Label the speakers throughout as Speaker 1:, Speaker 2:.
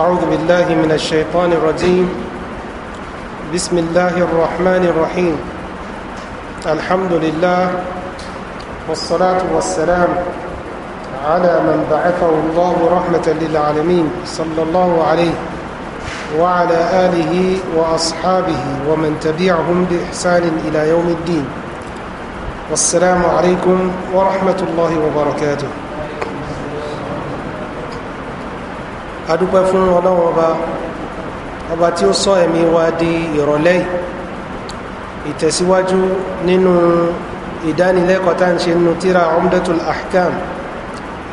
Speaker 1: أعوذ بالله من الشيطان الرجيم بسم الله الرحمن الرحيم الحمد لله والصلاة والسلام على من بعثه الله رحمة للعالمين صلى الله عليه وعلى آله وأصحابه ومن تبعهم بإحسان إلى يوم الدين والسلام عليكم ورحمة الله وبركاته adúpẹ́ fún ọlọ́run ọba ọba tí ó sọ ẹ̀mí wa di ìrọ̀lẹ́ ìtẹ̀síwájú nínú ìdánilẹ́kọ̀ọ́ tá à ń ṣe nínú tíra umdatul ahkam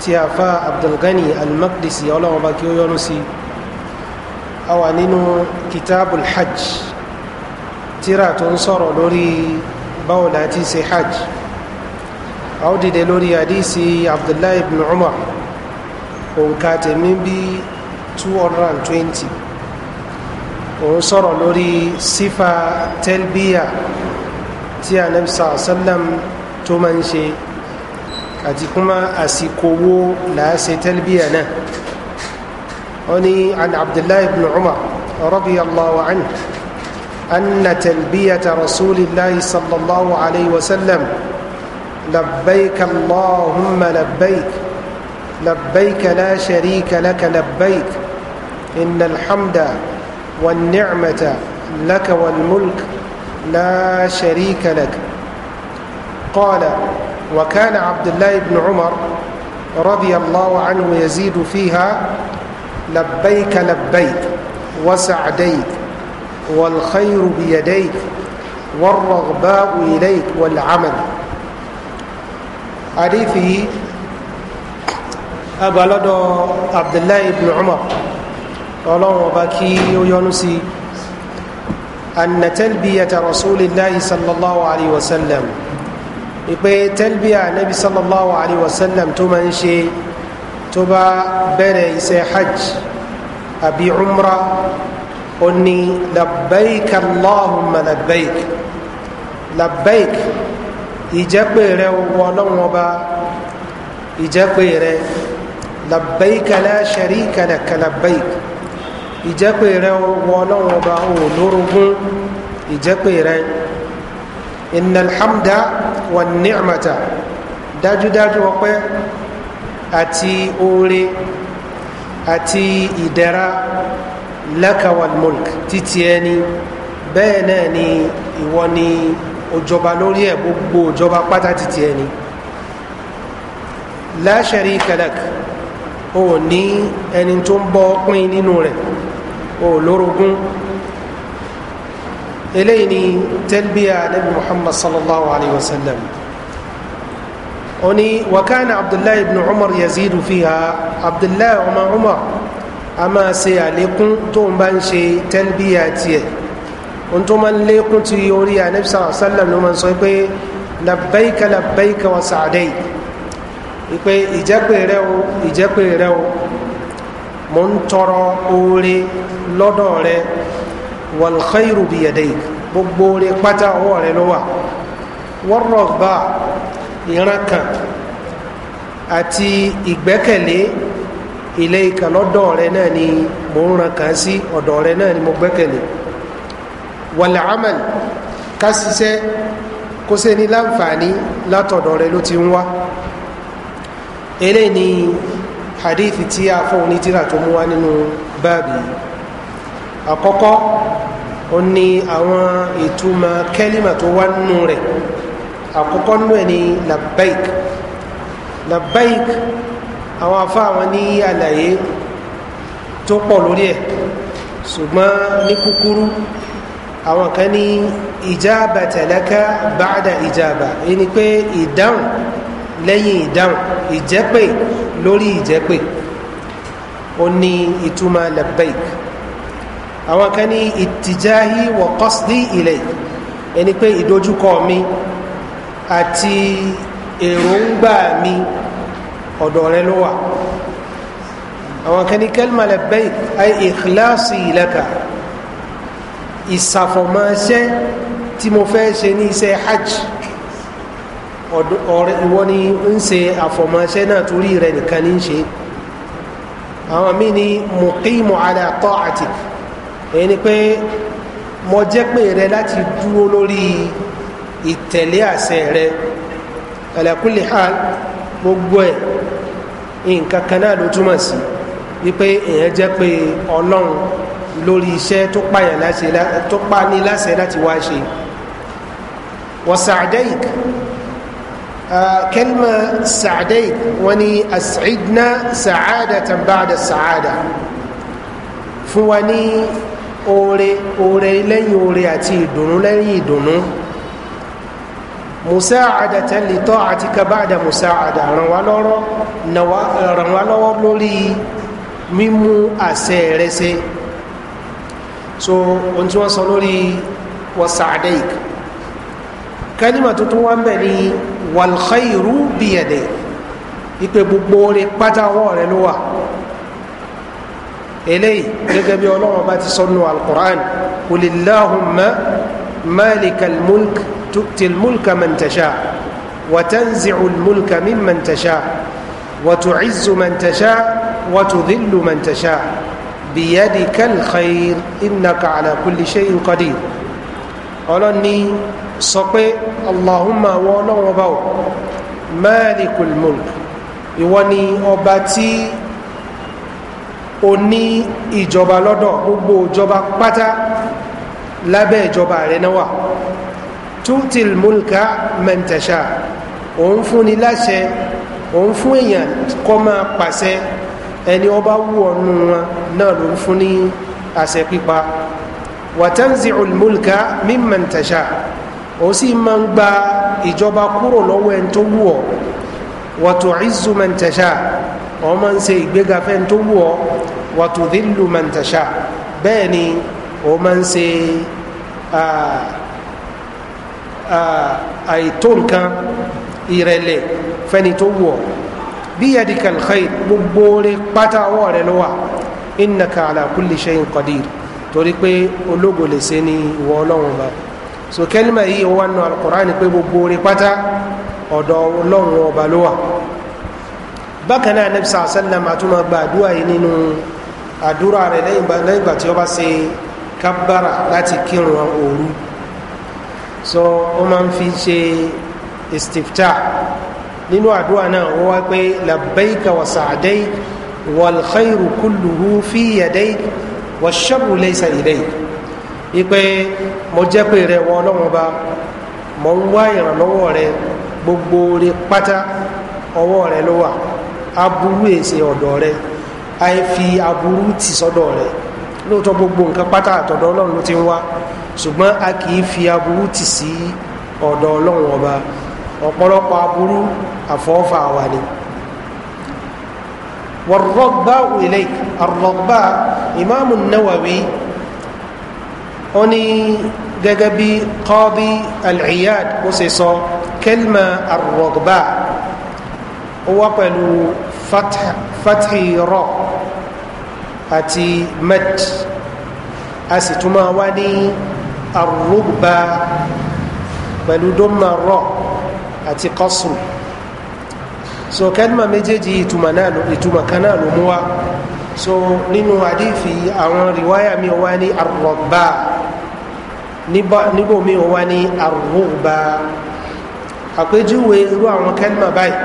Speaker 1: ti àfa abdulgani almakdisi ọlọ́run ọba kí ó yọnu sí a wà nínú kitabul hajj tíra tó ń sọ̀rọ̀ lórí báwo láti ṣe hajj a dìde lórí àdísì abdullahi ibn umar òǹkà tèmi bíi 220 òun sọ̀rọ̀ lórí sífà tẹ́lbíyà tí a anabisa sallam tó máa ń ṣe àti kuma àsìkò wo làásẹ tẹ́lbíyà náà wọ́n ní an abdullahi ibn umar rabi allahu an أن تلبية رسول الله صلى الله عليه وسلم لبيك اللهم لبيك لبيك لا شريك لك لبيك إن الحمد والنعمة لك والملك لا شريك لك قال وكان عبد الله بن عمر رضي الله عنه يزيد فيها لبيك لبيك وسعديك والخير بيديك والرغباء إليك والعمل حديثه أبلد عبد الله بن عمر ọlọ́run ọba kí ó yọnu sí anatẹ́lbíyàtà rasulillahi sallallahu alayhi wa sallam ìpè tẹ́lbíyà nabi sallallahu alayhi wa sallam tó máa ń ṣe tó bá bẹ̀rẹ̀ iṣẹ́ hajj àbí umrah ó ní labbaik allahumma labbaik labbaik ìjẹ́pè rẹ wọ ọlọ́run ọba ìjẹ́pè rẹ labbaik la sharika ìjẹ́pè rẹ wọ ọlọ́run ọba ò lórogún ìjẹ́pè rẹ ìnàlhámdá wà ní àmàtà dájúdájú ọpẹ́ àti oore àti ìdẹ̀ra lakawal mulk títí ẹni bẹ́ẹ̀ náà ni ìwọ ni òjọba lórí ẹ̀ gbogbo òjọba pátá títí ẹni láṣẹ̀rí kẹlẹ̀k ò ní ẹni tó ń bọ́ pín nínú rẹ̀ o lórogún eléyìí ni tẹ́lbíà nabi muhammad sallallahu alayhi wa sallam ó ní wakana abdullahi ibn umar yazidu fiha abdullahi ọmọ umar a máa ṣe àlékún tó ń bá ń ṣe tẹ́lbíà tiẹ̀ ohun tó máa ń lékún ti orí anabi sallallahu alayhi wa sallam ló máa ń sọ pé labbaika labbaika wa sa'adai ipe ìjẹ́pẹ̀ rẹ o ìjẹ́pẹ̀ rẹ o mo ń tọrọ oore lọ́dọ̀ rẹ wàlúkẹ́rù bí ẹ̀dẹ́ gbogbo rẹ pátá ọwọ́ rẹ ló wà wọ́rọ̀ bá ìran kan àti ìgbẹ́kẹ̀lé ilé ìkà lọ́dọ̀ rẹ náà ni mò ń ran kàn sí ọ̀dọ̀ rẹ náà ni mo gbẹ́kẹ̀lé wàlẹ̀ amal ká ṣiṣẹ́ kó ṣe ní láǹfààní látọ̀dọ̀ rẹ ló ti ń wá eléyìí ni hadith tí a fọ́ onítìrà tó mú wá nínú báàbí yìí àkọ́kọ́ ó ní àwọn ìtumọ̀ kẹ́límà tó wá nínú rẹ̀ àkọ́kọ́ nínú ẹ̀ ní labbaik labbaik àwọn afá àwọn ní àlàyé tó pọ̀ lórí ẹ̀ ṣùgbọ́n ní kúkúrú àwọn kan ní ìjábà tẹ̀lẹ́ká báàdà ìjábà ẹni pé ìdáhùn lẹ́yìn ìdáhùn ìjẹ́pè lórí ìjẹ́pè ó ní ìtumọ̀ àwọn kan ní ìtìjáhí wọ kọ́sìdì ilẹ̀ ẹni pé ìdojúkọ mi àti èròǹgbà mi ọ̀dọ̀ rẹ ló wà àwọn kan ní kẹ́lìmà lẹ́bẹ́ ayé ìkìláàsì ìlẹ́kà ìsàfọ̀mọ́ṣẹ́ tí mo fẹ́ ṣe ní iṣẹ́ hajj ọ̀rẹ́ ìwọ ni ń ṣe àfọ̀mọ́ṣẹ́ náà torí rẹ nìkan ní ṣe àwọn míì ní mùkímù àdàtọ̀ àtìkù èyí ni pé mo jẹ́ pé rẹ láti dúró lórí ìtẹ̀lé àṣẹ rẹ ẹ̀lẹ́kùnlé ha gbogbo ẹ̀ nǹkan kan náà ló túmọ̀ sí wípé èèyàn jẹ́ pé ọlọ́run lórí iṣẹ́ tó pààyàn láṣẹ tó pa ní láṣẹ láti wá ṣe wọ́n sàdẹ́ìk kẹ́lmà sàdẹ́ìk wọ́n ní àṣìdná sàádà tàbí sàádà fún wa ní oore oore lẹ́yìn oore àti ìdùnnú lẹ́yìn ìdùnnú musa àdàtà lè tọ́ àti kabáàdà musa àdà ràn wá lọ́wọ́ lórí mímú àṣẹ rẹ ṣe so ohun tí wọ́n sọ lórí wasaadek kálímà tuntun wa ń bẹ̀ ní biyade ipe gbogbo oore pátá ọwọ́ rẹ ló wà. إلي لقب يولو عبات صنوا القرآن وللهم مالك الملك تؤتي الملك من تشاء وتنزع الملك ممن تشاء وتعز من تشاء وتذل من تشاء بيدك الخير إنك على كل شيء قدير أولاني صقي اللهم ولو وباو مالك الملك يواني أباتي o ní ìjọba lọ́dọ̀ gbogbo ìjọba pátá lábẹ́ ìjọba rẹ̀ náà wà tutil mulka mẹ́ntẹ̀ṣà òun fúnni láṣẹ òun fún èèyàn kọ́ máa pàṣẹ ẹni ọba wú ọnu wọn náà ló fún ní àṣẹ pípa wàtánzì olùmúlùkà mímọ̀ntàṣà ó sì máa ń gba ìjọba kúrò lọ́wọ́ ẹni tó wù ọ́ wàtò ìzùmọ̀ntàṣà ọmọ ń se ìgbéga fẹ́ tó wù ọ́ wàtúndínlù mọ̀ntàṣà bẹ́ẹ̀ ni ó máa ń se àìtó nǹkan ìrẹ̀lẹ̀ fẹ́ni tó wù ọ́ bí yadika alkhair gbogbo rẹ pátá ọwọ́ rẹ ló wà innaka ala kulli shayin qadir torí pé ológo lè ṣe ni ìwọ ọlọ́run ba so kẹ́lìmà yìí wà nù alukóra ni pé gbogbo rẹ pátá ọ̀dọ̀ ọlọ́run ọba ló bákan náà anabi sàlá sàlám àtúmọ̀ gba àdúrà yìí nínú àdúrà rẹ̀ lẹ́yìn ìgbà tí ó bá ṣe kábàrà láti kírun òru so ó máa ń fi ṣe istifta nínú àdúrà náà ó wá pé labbaika wa sa'adaik wal khairu kulluhu fi yadaik wa sharru laysa ilayk ipe mo jẹ́ pé rẹ wọ ọlọ́run ba mo ń wá ìrànlọ́wọ́ gbogbo rẹ pátá ọwọ́ rẹ ló wà aburú èsè ọ̀dọ̀ rẹ àìfi aburú tì sọ́dọ̀ rẹ lóòótọ́ gbogbo nǹkan pátá àtọ̀dọ̀ ọlọ́run ló ti ń wá ṣùgbọ́n a kì í fi aburú tì sí ọ̀dọ̀ ọlọ́run ọba ọ̀pọ̀lọpọ̀ aburú àfọ́fà wà ní wọ̀rọ̀gbá ilẹ̀ àrọ̀gbá ìmáàmù náwàwí ó ní gẹ́gẹ́ bí kọ́bí al ó sì sọ kẹlma àrọ̀gbá ó wá pẹ̀lú fathi rọ àti mad a sì tún máa wá ní arúgbà pẹ̀lú dọ́mà rọ àti kọ́sùn so kẹ́lìmà méjèèjì ìtumọ̀ kan náà ló mú wa so nínú àdífi àwọn rìwáyà mi wá ní arọ̀gbà níbò mi wá ní arúgbà àpéjúwe irú àwọn kẹ́lìmà báyìí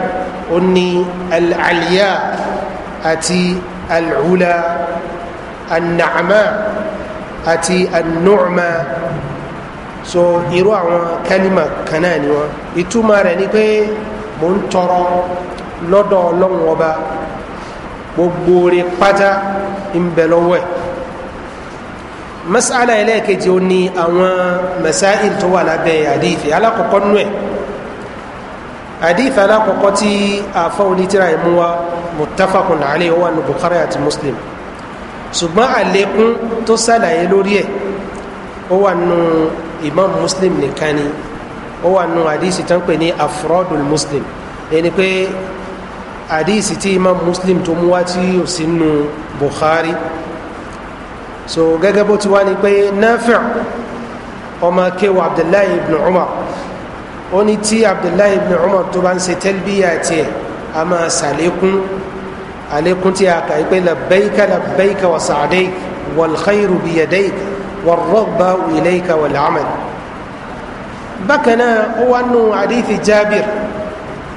Speaker 1: ó ní alàlíyà àti alùlà anàmà àti anùmà so irú àwọn kálímà kan náà ni wọn ìtumọ̀ rẹ̀ ni pé mò ń tọrọ lọ́dọ̀ ọlọ́run ọba gbogbo rẹ̀ pátá ń bẹ lọ́wọ́ ẹ̀ ó ní àwọn masáìl tó wà lábẹ́ àdìfẹ́ alákọ̀ọ́kọ́ nú ẹ̀ hadith alakoko ti afa onitira imu wa mutafakun ali wa nu bukhari àti muslim ṣùgbọ́n àlékún tó ṣàlàyé lórí ẹ̀ ó wà nù imam muslim nìkan ni ó wà nù hadisi tó ń pè ní afrodul muslim ẹni pé hadisi tí imam muslim tó mú wá tí ó sì nù bukhari so gẹ́gẹ́ bó ti wá ni pé nafi ọmọ kéwà abdullahi ibn umar ó ní tí abdullahi ibn umar tó bá ń ṣe tẹ́lbíyà tiẹ̀ a máa ṣàlékún àlékún tí a kà í pé labbaika labbaika wa sa'adaik wal khayru biyadaik wal rọba ilayka wal amal. bákan náà ó wá nù àdìsí jábìr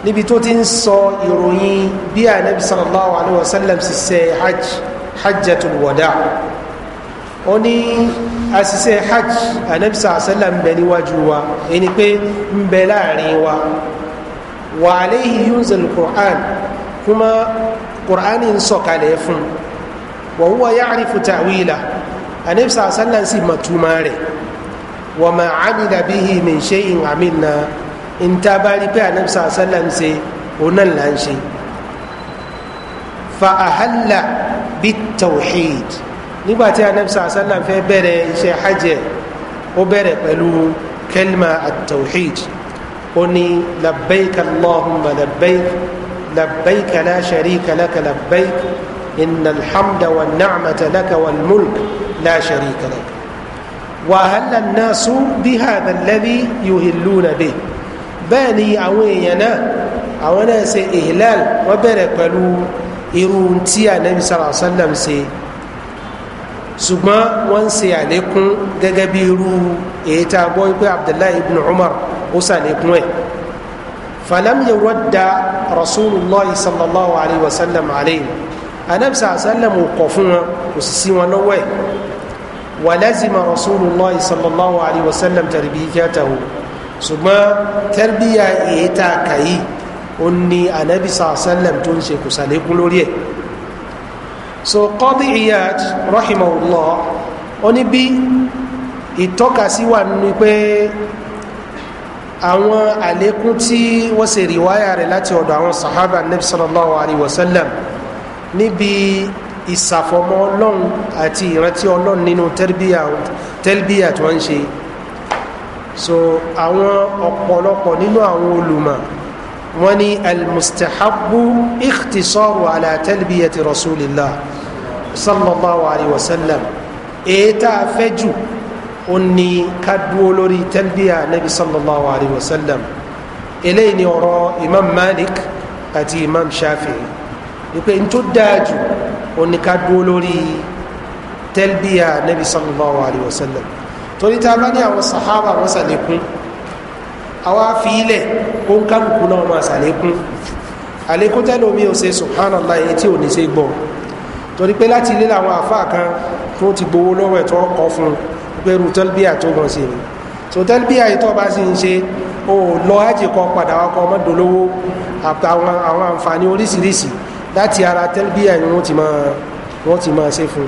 Speaker 1: níbi tó ti ń sọ ìròyìn bí anabi sallallahu alayhi wa sallam ṣiṣẹ́ hajj hajjatul wada' ó ní àṣìṣe hajj anabisa asala ń bẹ níwájú wa ẹni pé ń bẹ láàrin wa wà aléhi yunzal quran kuma quran ń sọkalẹ̀ fún wà wúwa yá àrífù tàwílà anabisa asala sì mọ̀túmọ̀ rẹ̀ wà má àmìlà bíhi mi ṣe in àmìlà ń tábàrí pé anabisa asala ń ṣe òun náà là ń ṣe fa àhàlà bí tawhid nígbàtí anabisa asalam fẹ́ bẹ̀rẹ̀ iṣẹ́ hajj ó bẹ̀rẹ̀ pẹ̀lú kelma at-tawhid ó ní labbaik allahumma labbaik labbaik la sharika laka labbaik inna alhamda wa nacmata laka wa mulk la sharika laka wa halla naasu bi hada alladhi yuhilluna bi bẹ́ẹ̀ ni àwọn èèyàn náà àwọn náà ihlal wọ́n bẹ̀rẹ̀ pẹ̀lú irun tí anabi sallallahu alayhi ṣùgbọ́n wọ́n ń ṣe àlékún gẹ́gẹ́ bí irú èyí tá a gbọ́ pé abdullahi ibn umar ó ṣàlékún ẹ̀ falam yẹ rọ́dà rasulillah sallallahu alayhi wa sallam alayhi anabisa asalam ò kọ̀ fún wọn kò sì sí wọn lọ́wọ́ ẹ̀ wàlẹ́sìmọ̀ rasulillah sallallahu alayhi wa sallam tàbí kíátàwó ṣùgbọ́n tẹ́rbíyà èyí tá ó ní anabisa asalam tó ń ṣe kò ṣàlékún lórí ẹ̀ so qadi iyad rahimahullah ó ní bí ìtọ́kasí wà nínú pé àwọn àlékún tí wọ́n ṣe rìwáyà rẹ̀ láti ọ̀dọ̀ àwọn sahaba nabi sallallahu alayhi wa sallam níbi ìsàfọmọ ọlọ́run àti ìrántí ọlọ́run nínú tẹ́lbíyà tí wọ́n ń ṣe so àwọn ọ̀pọ̀lọpọ̀ nínú àwọn olùmọ̀ wọ́n ní almustahabu ikhtisaru ala tẹ́lbíyà ti rasulillah sallallahu alayhi wa sallam èyí tá a fẹ́ jù ó ní ká dúró lórí tẹ́lbíà nabi sallallahu alayhi wa sallam eléyìí ni ọ̀rọ̀ imam malik àti imam shafi wípé n tó dáa jù ó ní ká dúró lórí tẹ́lbíà nabi sallallahu alayhi wa sallam torí tá a bá sahaba wọn sàlékún àwa fi ilẹ̀ ó ń kálukú náà máa sàlékún àlékún tẹ́lómi subhanallah etí ò ní ṣe torí pé láti ilé làwọn àfáà kan tó ti gbowó lọ́wọ́ ẹ̀tọ́ ọkọ̀ fún pẹ̀rù tẹ́lbíà tó mọ̀ sí ni so tẹ́lbíà ìtọ́ bá sì ń ṣe o lọ ájì kọ padà wakọ ọmọdòlówó àtàwọn àwọn àǹfààní oríṣiríṣi láti ara tẹ́lbíà ni wọ́n ti máa wọ́n ti máa ṣe fún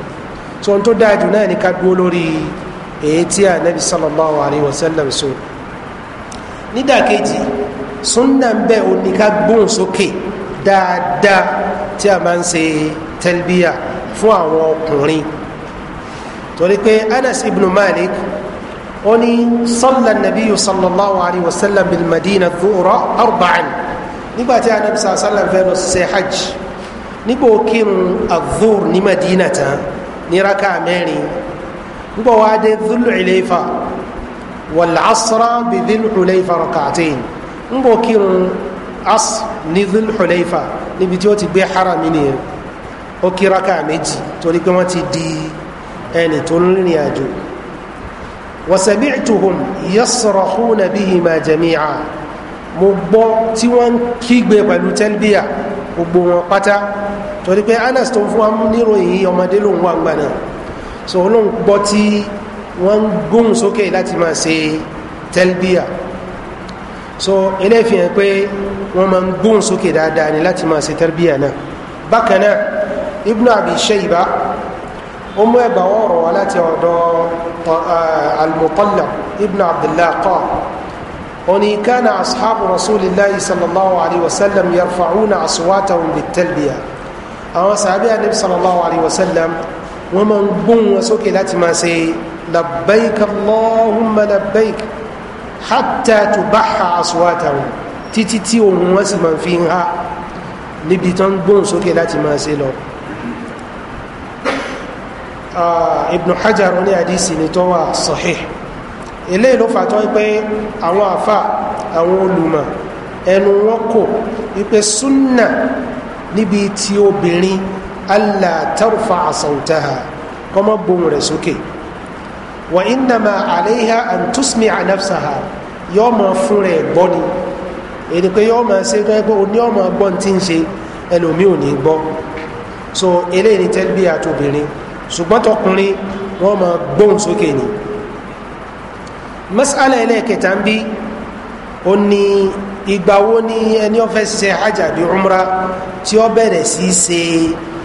Speaker 1: so n tó dáa jù náà ní ká dúró lórí èyí tí ànábi sallallahu alayhi wa sallam so nídàkejì sunna ń bẹ́ẹ̀ o ní ká gbóhùn sókè dáadáa tí a máa ń ṣe tẹlbíyà fún àwọn ọkùnrin torí pé anas ibn malik ó ní sọ́lá nàbíyù sallallahu alayhi wa sallam bil madina zuhura arba'in nígbà tí anabi sallam fẹ́ lọ ṣe hajj nígbà òkèrún azur ní madina tán ní raka mẹ́rin nígbà wàá dé zulu iléfa wàlásra bí zulu iléfa rakatain nígbà òkèrún as ní zulu iléfa níbi tí ó ti gbé haram ó kí raka méjì torí pé wọ́n ti di ẹni tó ń rìnrìn àjò wọ́sẹ̀bíìtuhùn yasrahuna bihima jami'a mo gbọ́ tí wọ́n ń kígbe pẹ̀lú tẹ́lbíà gbogbo wọn pátá torí pé anas tó ń fún wa níròyìn ọmọdé lòun wà gbà náà so olóhùn gbọ́ tí wọ́n gbóhùn sókè láti máa ṣe tẹ́lbíà so eléyìí fi hàn pé wọ́n máa ń gbóhùn sókè dáadáa ni láti máa ṣe tẹ́lbíà náà bákan náà ibn abi shayba ọmọ mu mú ẹgbà ọ̀rọ̀ wá láti ọ̀dọ̀ al-mutallab ibn abdullah qa oni kana ashabu rasulillahi sallallahu alaihi wasallam yarfa'una aswatahum bitalbiya àwọn sahabi anabi sallallahu alaihi wasallam wọ́n máa ń gbóhùn wọn sókè láti ma ṣe labbaik allahumma labbaik hatta tubaha aswatahum títí tí ohùn wọn sì máa fi ń ha níbi tán gbóhùn sókè láti ma ṣe lọ. Ah, ibn hajar ní àdìsí ni tó wà sọ̀hí eléyìí ló fàtọ́ pé àwọn àfa àwọn olùmọ̀ ẹnu wọn kò wípé súnà níbi tí obìnrin allah tarfa àsàwùtáhà kọ́mọ́ gbohùn rẹ̀ sókè wà ìnàmà àléhà àǹtúsmì ànáfsàhà yọ́ mọ̀ fún rẹ̀ gbọ́ni èdè pé yọ́ máa ṣe gbẹ́gbẹ́ oní ọmọ gbọ́n tí ń ṣe ẹlòmí ò ní gbọ́ so eléyìí ni tẹ́lbí àtòbìnrin ṣùgbọ́n tọkùnrin wọ́n máa gbóhùn sókè ni masala ẹlẹ́ẹ̀kẹta ń bí ó ní ìgbà wo ni ẹni ọ̀fẹ́ ṣe hajj àbí umra tí ó bẹ̀rẹ̀ sí ṣe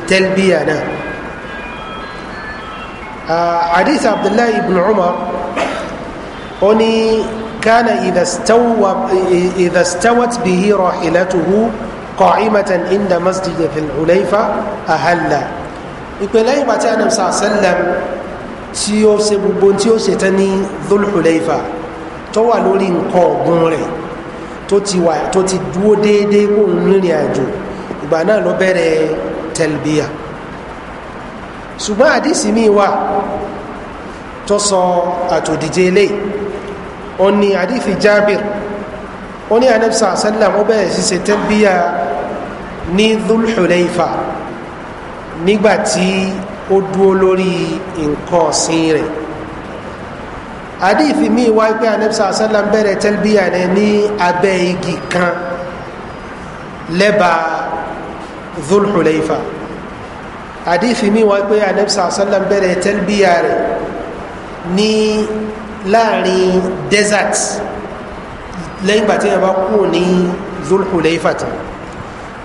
Speaker 1: tẹ́lbíyà náà hadith abdullahi ibn umar ó ní kánà ìdàstawat bihi rọ̀hìlẹ́tuhu kọ̀ inda masjid fil hulaifa ahalla ìpè lẹ́yìn ìgbà tí a nàbsà sẹ́lẹ̀m tí ó ṣe gbogbo tí ó ṣe tán ní dholhuleifa tó wà lórí nǹkan ọ̀gbun rẹ̀ tó ti wà tó ti dúó déédéé kó ń rìnrìn àjò ìgbà náà ló bẹ̀rẹ̀ tẹlbíà ṣùgbọ́n àdìsí mi wà tó sọ àtòdìje lé ó ní àdìfi jábìr ó ní anabsa sẹ́lẹ̀m ó bẹ̀rẹ̀ sí ṣe tẹlbíà ní dholhuleifa nígbà tí ó dúró lórí nǹkan ọ̀sìn rẹ̀ àdìfí mi wá pé anabisa asalam bẹ̀rẹ̀ tẹ́lbíyà rẹ̀ ní abẹ́ igi kan lẹ́bàá dhulhuleifa àdìfí mi wá pé anabisa asalam bẹ̀rẹ̀ tẹ́lbíyà rẹ̀ ní láàrin desert lẹ́yìn gbà tí bá kú ní dhulhuleifa tán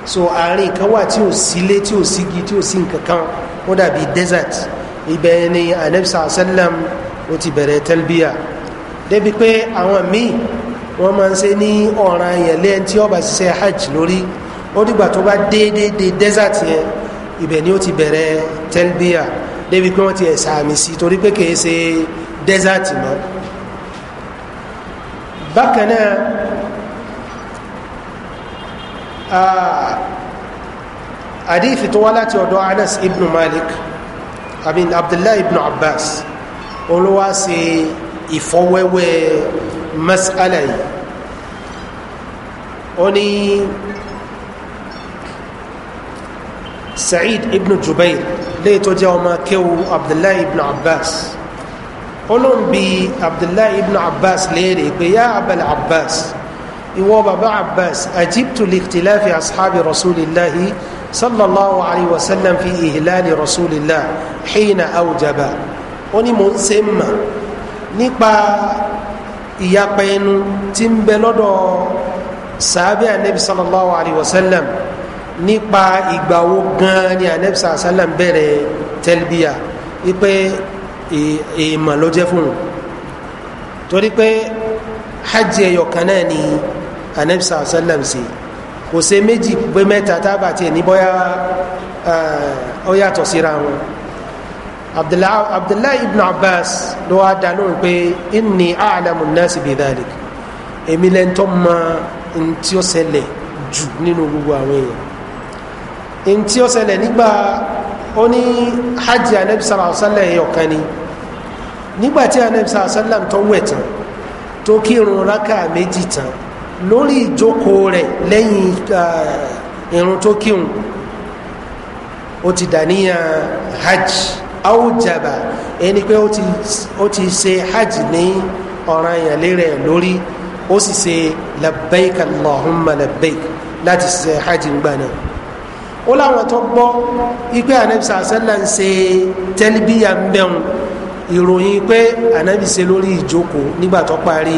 Speaker 1: so àárín kan wà tí ò sílé tí ò sígi tí ò sí nǹkan ó dàbí desert ibẹ̀ ni anabisa asalam ó ti bẹ̀rẹ̀ tẹ́lbíà débi pé àwọn míì wọ́n máa ń ṣe ní ọ̀ràn yẹn lẹ́yìn tí ọba ṣiṣẹ́ hajj lórí ó dìgbà tó bá déédéé desert yẹn ibẹ̀ ni ó ti bẹ̀rẹ̀ tẹ́lbíà débi pé wọ́n ti ẹ̀sà àmì sí torí pé kìí ṣe desert mọ́ bákan náà àdífi ah, tó wá láti ọ̀dọ̀ anas ibn malik abin abdullahi ibn abbas olówá se ìfọwẹ́wẹ́ masala yìí ó ní sa'id ibn jubair léyìí tó jẹ́ ọmọ kéwu abdullahi ibn abbas olóńbi abdullahi ibn abbas léèrè pé yá abel abbas ìwọ baba abbas ajibtu liktilafi ashabi rasulillahi sallallahu alayhi wa sallam fi ihilali rasulillah xiina awjaba ó ní mò ń se mà nípa ìyapa ẹnu tí ń bẹ lọ́dọ̀ sàábì anabi sallallahu alayhi wa sallam nípa ìgbà gan ni anabi sallallahu alayhi wa sallam bẹ̀rẹ̀ tẹ́lbíà wípé èèmà fún un torí pé hajj ẹ̀yọ̀ náà ni anabi sallam ṣe kò ṣe méjì pé mẹ́ta tábà tiẹ̀ ní bọ́yá ọ yàtọ̀ síra wọn abdullahi ibn abbas ló wá dá lóhùn pé inni alamu nasi bi dhalik èmi lẹ́ni tó mọ ntí ó ṣẹlẹ̀ jù nínú gbogbo àwọn èèyàn ntí ó ṣẹlẹ̀ nígbà ó ní hajj anabi sallam ṣẹlẹ̀ ọ̀kan ni nígbà tí anabi sallam tó wẹ̀ tán tó kírun rákà méjì tán lórí ìjókòó rẹ̀ lẹ́yìn irun tó kírun ó ti dàníyàn hajj awùjàbà ẹni pé ó ti ṣe hajj ní ọ̀ràn ìyànlẹ́ rẹ̀ lórí ó sì ṣe labbaik allahumma labbaik láti ṣe hajj ńgbà náà ó láwọn tó gbọ́ ipe anabisa asẹ́lá ń ṣe tẹ́líbíyà ń bẹ̀rùn ìròyìn pé anabi ṣe lórí ìjókòó nígbà tó parí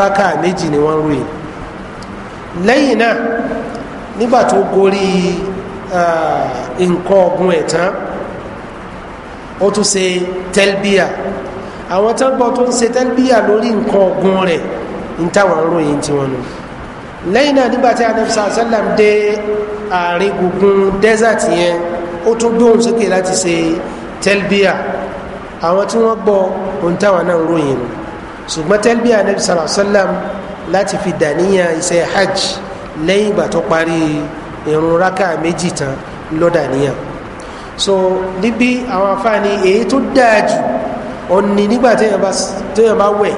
Speaker 1: rákà méjì ni wọ́n ròyìn lẹ́yìn náà nígbà tó gorí nǹkan ọ̀gbun ẹ̀ tán ó tún ṣe tẹ́lbíà àwọn tó ń gbọ́ tó ń ṣe tẹ́lbíà lórí nǹkan ọ̀gbun rẹ̀ ń táwọn ròyìn tiwọn nù lẹ́yìn náà nígbà tí anabi sàlám dé àárín gbùngbùn desert yẹn ó tún gbóhùn sókè láti ṣe tẹ́lbíà àwọn tí wọ́n gbọ́ ohun táwọn náà ròyìn nù ṣùgbọ́n tẹ́lbíà anabi sàlám láti fi dàníyàn iṣẹ́ hajj lẹ́yìn ìgbà tó parí irun rákà méjì tán ló so níbi àwọn afáàní èyí tó dáa jù ọ̀nì nígbà téèyàn bá wẹ̀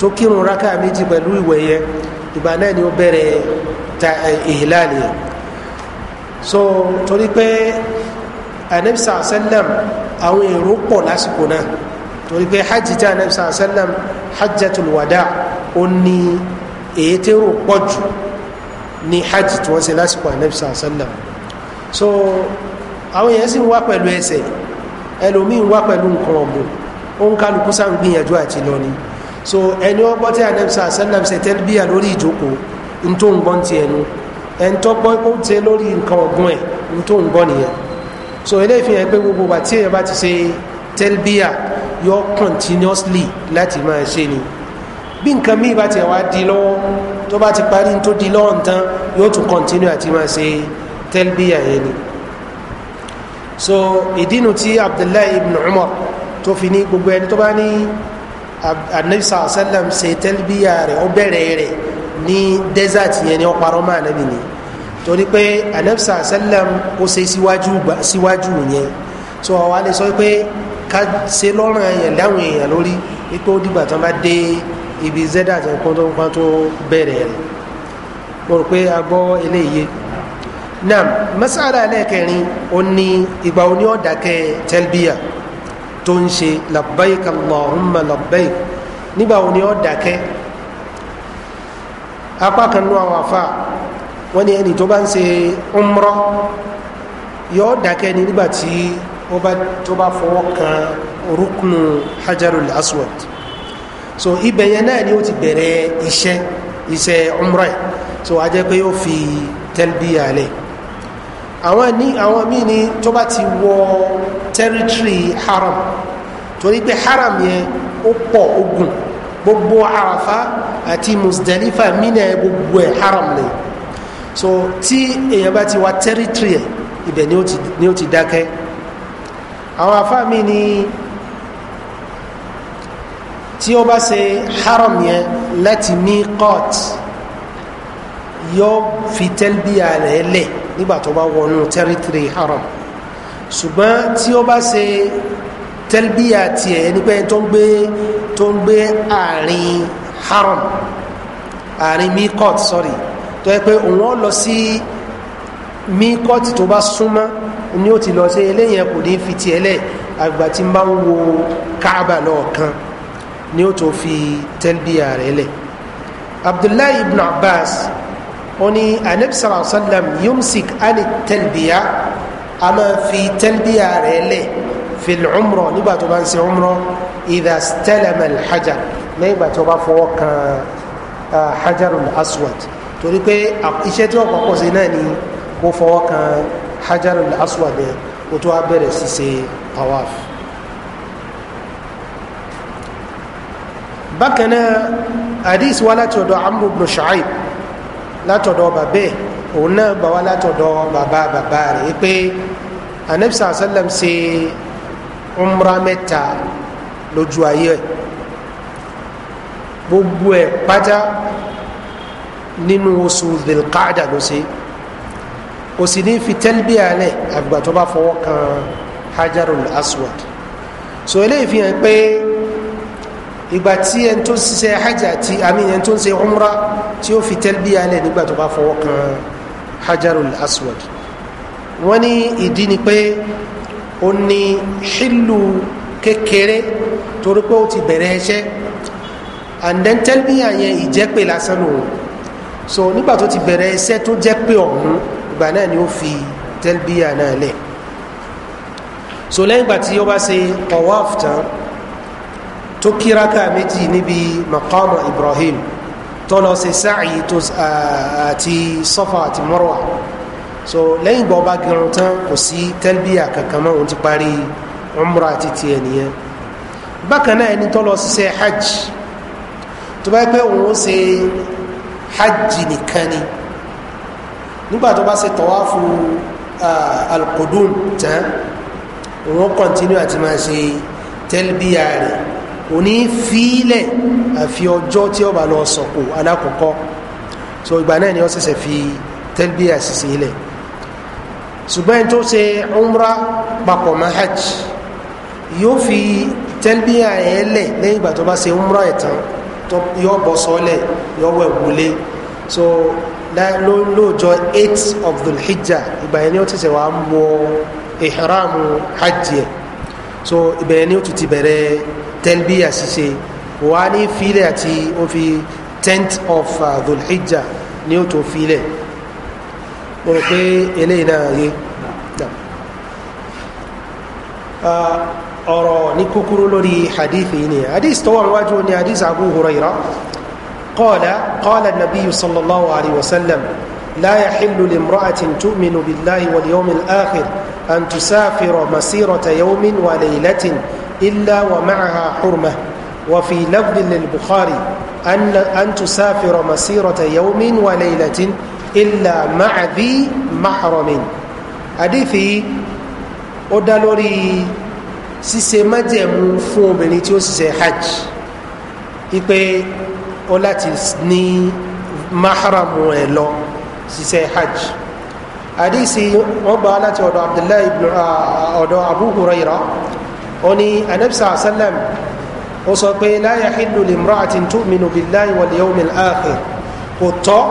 Speaker 1: tó kírun rákà méjì pẹ̀lú ìwẹ̀ yẹn ìgbà náà ni ó bẹ̀rẹ̀ ta ìhìláàlì yẹn so torí pé anabisa asalam àwọn èrò pọ̀ lásìkò náà torí pé hajj tí anabisa asalam hajjatul wada ó ní èyí tí rò pọ̀ ní hajj tí wọ́n ṣe lásìkò anabi sàn so àwọn èèyàn sì ń wá pẹ̀lú ẹsẹ̀ ẹlòmíín wá pẹ̀lú nǹkan ọ̀gbìn ó ń kálukú sáà ń gbìyànjú àti lọ ni so ẹni ọgbọ́n tí anabi sàn sálàm ṣe tẹ́lbíyà lórí ìjókòó ń ti ẹnu continuously láti máa ṣe bí nǹkan míì bá ti wá di lọ́wọ́ tó bá ti parí tó di lọ́wọ́ nǹkan yóò tún kọ́ntínú àti máa ṣe tẹ́lbíyà yẹn ni so ìdínú tí abdullahi ibn umar tó fi ní gbogbo ẹni tó bá ní anabisa asalam ṣe tẹ́lbíyà rẹ̀ ó bẹ̀rẹ̀ rẹ̀ ní desert yẹn ni ó parọ́ mọ́ anabi ni torí pé anabisa asalam ó ṣe síwájú yẹn so àwa lè sọ pé ká ṣe lọ́rùn yẹn láwọn èèyàn lórí wípé ó dìgbà tán bá dé ibi zeda àti nǹkan tó nǹkan tó bẹ̀rẹ̀ rẹ̀ mo rò pé a gbọ́ eléyìí naam masala ẹlẹ́kẹrin ó ní ìgbà oní ọ̀dàkẹ́ tẹ́lbíyà tó ń ṣe labbaik allahumma labbaik nígbà oní ọ̀dàkẹ́ apá kan nú àwọn afa wọn ni ẹni tó bá ń ṣe umrọ yọ ọ̀dàkẹ́ ní nígbà tí ó bá fọwọ́ kan rukunu hajarul aswad so ibẹ̀ yẹn náà ni ó ti bẹ̀rẹ̀ iṣẹ́ iṣẹ́ umrah so a jẹ́ pé ó fi tẹ́lbíyà lẹ̀ àwọn ní àwọn míì ní tó bá ti wọ tẹ́rítírì haram torí pé haram yẹn ó pọ̀ ogun gbogbo àràfá àti musdalifa mínà gbogbo ẹ̀ haram lẹ̀ so tí èèyàn bá ti wá tẹ́rítírì ẹ̀ ibẹ̀ ni ó ti dákẹ́ àwọn afá mi ní tí ó bá ṣe haram yẹn láti mí court yóò fi tẹ́lbíà rẹ̀ lẹ̀ nígbà tó bá wọnú tẹ́rítírì haram ṣùgbọ́n tí ó bá ṣe tẹ́lbíà tiẹ̀ nígbà tó ń gbé tó ń gbé àárín haram àárín mí court sorry tó yẹ pé òun ó lọ sí mí court tó bá súnmọ́ ni ó ti lọ sí eléyìí kò ní fi tiẹ̀ lẹ̀ àgbà tí ń bá ń wo káàbà lọ́ọ̀kan. No, ni ó tó fi tẹ́lbíyà rẹ̀ lẹ̀ abdullahi ibn abbas ó ní anabisalaam sallam yomsik ali tẹ́lbíyà a máa fi tẹ́lbíyà rẹ̀ lẹ̀ filcumrọ nígbà tó bá ń se umrọ ìdá stẹlẹmẹl hajar nígbà tó bá fọwọ́ kan hajarul aswad torí pé iṣẹ́ tí wọ́n kọ́kọ́ sí náà ni kó fọwọ́ kan hajarul aswad yẹn kó tó wá bẹ̀rẹ̀ sí tawaf. bákanáà hadith wá látọ̀dọ̀ amru ibn shu'aib látọ̀dọ̀ bàbẹ́ òun náà gbà wá látọ̀dọ̀ bàbá bàbá rẹ̀ pé anabisa sallam ṣe umra mẹ́ta lójú ayé ẹ̀ gbogbo ẹ̀ pátá nínú oṣù zilqaada ló ṣe kò sì ní fi tẹ́lbíà lẹ̀ àgbà bá fọwọ́ kan hajarul aswad so eléyìí fi hàn pé ìgbà tí ẹni tó ń ṣiṣẹ́ hajj àti àmì ẹni tó ń ṣe umra tí ó fi tẹ́lbíyà lẹ̀ nígbà tó bá fọwọ́ kan hajarul aswad wọ́n ní ìdí ni pé ó ní ṣílù kékeré torí pé ó ti bẹ̀rẹ̀ ẹṣẹ́ and then tẹ́lbíyà ìjẹ́pẹ̀ lásán nù so nígbà tó ti bẹ̀rẹ̀ ẹṣẹ́ tó jẹ́ pé ọ̀hún ìgbà náà ni ó fi tẹ́lbíyà náà lẹ̀ so lẹ́yìn ìgbà tí ó bá ṣe tawaf tán tó kíraka méjì níbi maqama ibrahim tó lọ sí sáàyè àti sọfà àti mọrọwà so lẹ́yìn ìgbà ọba gẹrun tán kò sí tẹlbíà kankan mọ́ òun ti parí umra àti tiẹ̀ nìyẹn bákan náà ẹni tó lọ ṣiṣẹ́ hajj tó bá yẹ òun ṣe hajj nìkan ni nígbà tó bá ṣe tọ́wáfù alqudum tán òun kọ́ntínú àti máa ṣe tẹ́lbíà rẹ̀ kò ní fílẹ̀ àfi ọjọ́ tí ó lọ sọ̀kò alákọ̀ọ́kọ́ so ìgbà náà ni ó ṣẹ̀ṣẹ̀ fi tẹ́lbíyà ṣiṣẹ́ ilẹ̀ ṣùgbọ́n tó ṣe umra papọ̀ mọ́ hajj yóò fi tẹ́lbíyà ẹ̀ lẹ́yìn ìgbà tó bá ṣe umra ẹ̀ yóò bọ́ sọ́lẹ̀ yóò wẹ̀ wọlé so lóòjọ́ eight of the hijjah ìgbà yẹn ni ó ṣẹ̀ṣẹ̀ wà á mọ ìhìrámù hajj yẹ so ìbẹ̀rẹ̀ ni ó tún ti bẹ̀rẹ̀ tẹ́lbíyà ṣiṣe wà ní filẹ̀ àti òfin tenth of uh, dhulhijja ní ó tó filẹ̀ mo rò pé eléyìí náà yé uh, ọ̀rọ̀ ní kúkúrú lórí hadith yìí ni hadith tó wà níwájú ni hadith abu huraira قال قال النبي صلى الله عليه وسلم لا يحل لامرأة تؤمن بالله واليوم الآخر أن تسافر مسيرة يوم وليلة إلا ومعها حرمة وفي لفظ للبخاري أن, أن تسافر مسيرة يوم وليلة إلا مع ذي محرم حديثي أدلوري ṣíṣe májẹ̀mú fún obìnrin tí ó ṣiṣẹ́ hajj ipe ó láti ní maharamu ẹ̀ lọ ṣiṣẹ́ hajj àdìsí wọ́n gbà láti ọ̀dọ̀ abdullahi ah, ọ̀dọ̀ abu huraira oni anabisa asalam ó sọ pé láyà hindu lè mọ́ àti tó minú bí láyé wà lè omi láàkẹ́ kò tọ́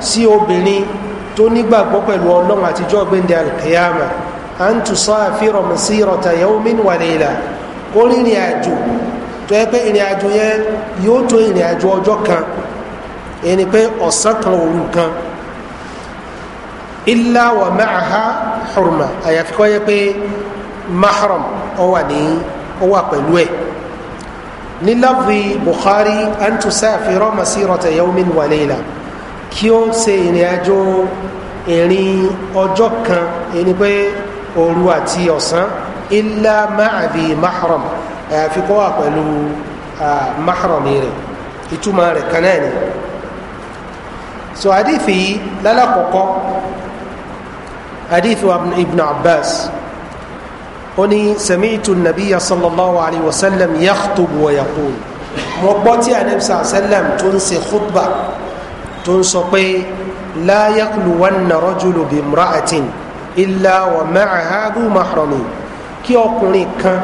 Speaker 1: sí obìnrin tó nígbàgbọ́ pẹ̀lú ọlọ́run àtijọ́ gbẹ̀ndẹ̀ alkiyama a ń tù sọ àfihàn mọ̀ sí ìrọ̀tà yẹ́wò mí wà lè là kó rìnrìn àjò tó yẹ pé ìrìn àjò yẹn yóò tó ìrìn àjò ọjọ́ kan ẹni pé ọ̀sán kan òru kan ilá wà máa ha hurma àyàfi kọ́ yẹ pé mahram ó wà ní ó wà pẹ̀lú ẹ̀ ní lafzi bukhari an tusafira masirata yawmin wa layla kí ó ṣe ìrìn àjò ìrìn ọjọ́ kan ẹni pé òru àti ọ̀sán illa ma'adhi mahram àyàfi kó wà pẹ̀lú mahram rẹ̀ ìtumọ̀ rẹ̀ kan ni so hadithi yìí lálàkọ̀kọ́ hadithi ibn abbas oni sami'tu nabiya sallallahu alayhi wa sallam yakhtubu wa yaqul mo gbọ́ tí anabi sallam tó ń se khutba tó ń sọ pé la yaqluwanna rajulu bi imra'atin illa wa ma'aha du mahrami kí ọkùnrin kan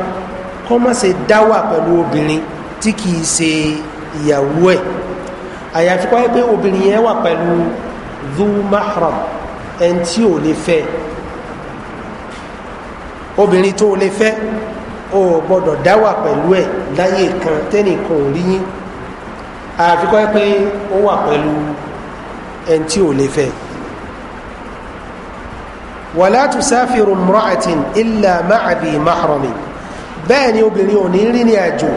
Speaker 1: kó má se dáwà pẹ̀lú obìnrin tí kìí se ìyàwó ẹ̀ àyàfi kọ́ pé obìnrin yẹn wà pẹ̀lú du mahram ẹni tí ò lè fẹ́ ẹ̀ obìnrin tó lè fẹ́ o gbọ́dọ̀ dáwà pẹ̀lú ẹ̀ láyé kan tẹ́nìkan ò rí yín àfikọ́ pé ó wà pẹ̀lú ẹni tí ò lè fẹ́ wàlá tó sáfìrò mùràtín ilà máàbí máàrọ̀mì bẹ́ẹ̀ ni obìnrin ò ní rìnrìn àjò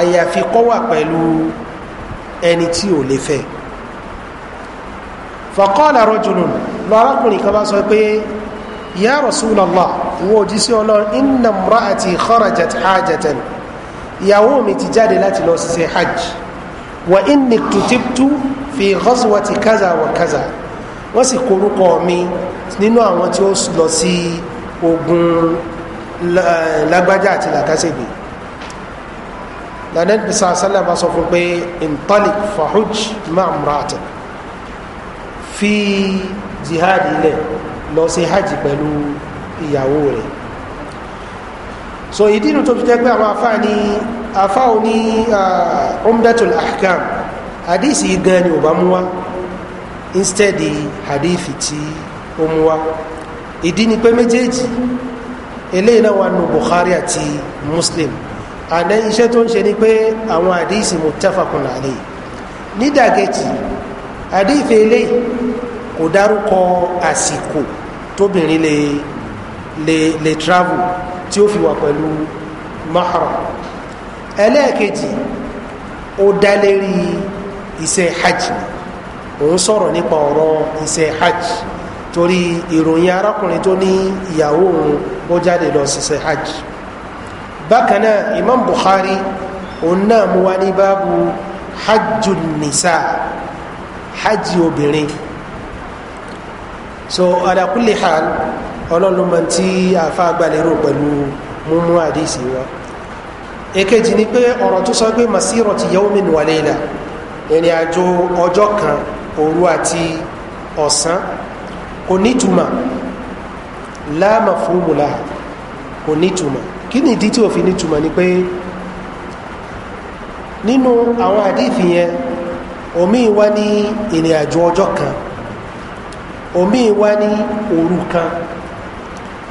Speaker 1: àyàfi wà pẹ̀lú ẹni tí ò lè fẹ́ fọ́kọ́ làrọ̀ lọ́rọ́kùnrin kan bá sọ pé yá rọ̀súlọ́lá ìwọ òjíṣẹ́ ọlọ́run inna mra'ati kharajat hajatan ìyàwó mi ti jáde láti lọ ṣiṣẹ́ hajj wa inni tutibtu fi ghazwati kaza wa kaza wọ́n sì korúkọ mi nínú àwọn tí ó lọ sí ogun eh, lágbájá àti làkàṣègbè lànà ìbísà sálà bá sọ fún pé intalik fahuj ma'amrata fi jihad ilẹ̀ lọ sí hajj pẹ̀lú ìyàwó rẹ̀ so ìdínú tó fi jẹ́ pé àwọn afá ní afá ò ní umdatul ahkam hadisi gan ni ò bá mú wa instead hadisi tí ó mú wa ìdí ni pé méjèèjì eléyìí náà wà nù bukhari àti muslim àdá iṣẹ́ tó ń ṣe ni pé àwọn hadisi muttafaqun alayhi nídàgẹ́jì hadisi eléyìí kò dárúkọ àsìkò tóbìnrin lè lè lè travel tí ó fi wà pẹ̀lú mahram ẹlẹ́ẹ̀kejì ó dá lérí iṣẹ́ hajj òun sọ̀rọ̀ nípa ọ̀rọ̀ iṣẹ́ hajj torí ìròyìn arákùnrin tó ní ìyàwó òun ó jáde lọ ṣiṣẹ́ hajj bákan imam buhari òun náà mú wá ní báàbù hajj nisa hajj obìnrin so ala ọlọ́run mọ tí àfa agbalẹ̀rò pẹ̀lú múmú àdìsí wọn èkejì ni pé ọ̀rọ̀ tó sọ pé masirọ̀ ti yẹ́wó mi nù wálé ìlà ìrìn àjò ọjọ́ kan òru àti ọ̀sán kò nítumọ̀ láàmà fún mùlá kò nítumọ̀ kí ni ìdí tí ò fi nítumọ̀ ni pé nínú àwọn àdífì yẹn omi wá ní ìrìn àjò ọjọ́ kan omi wá ní òru kan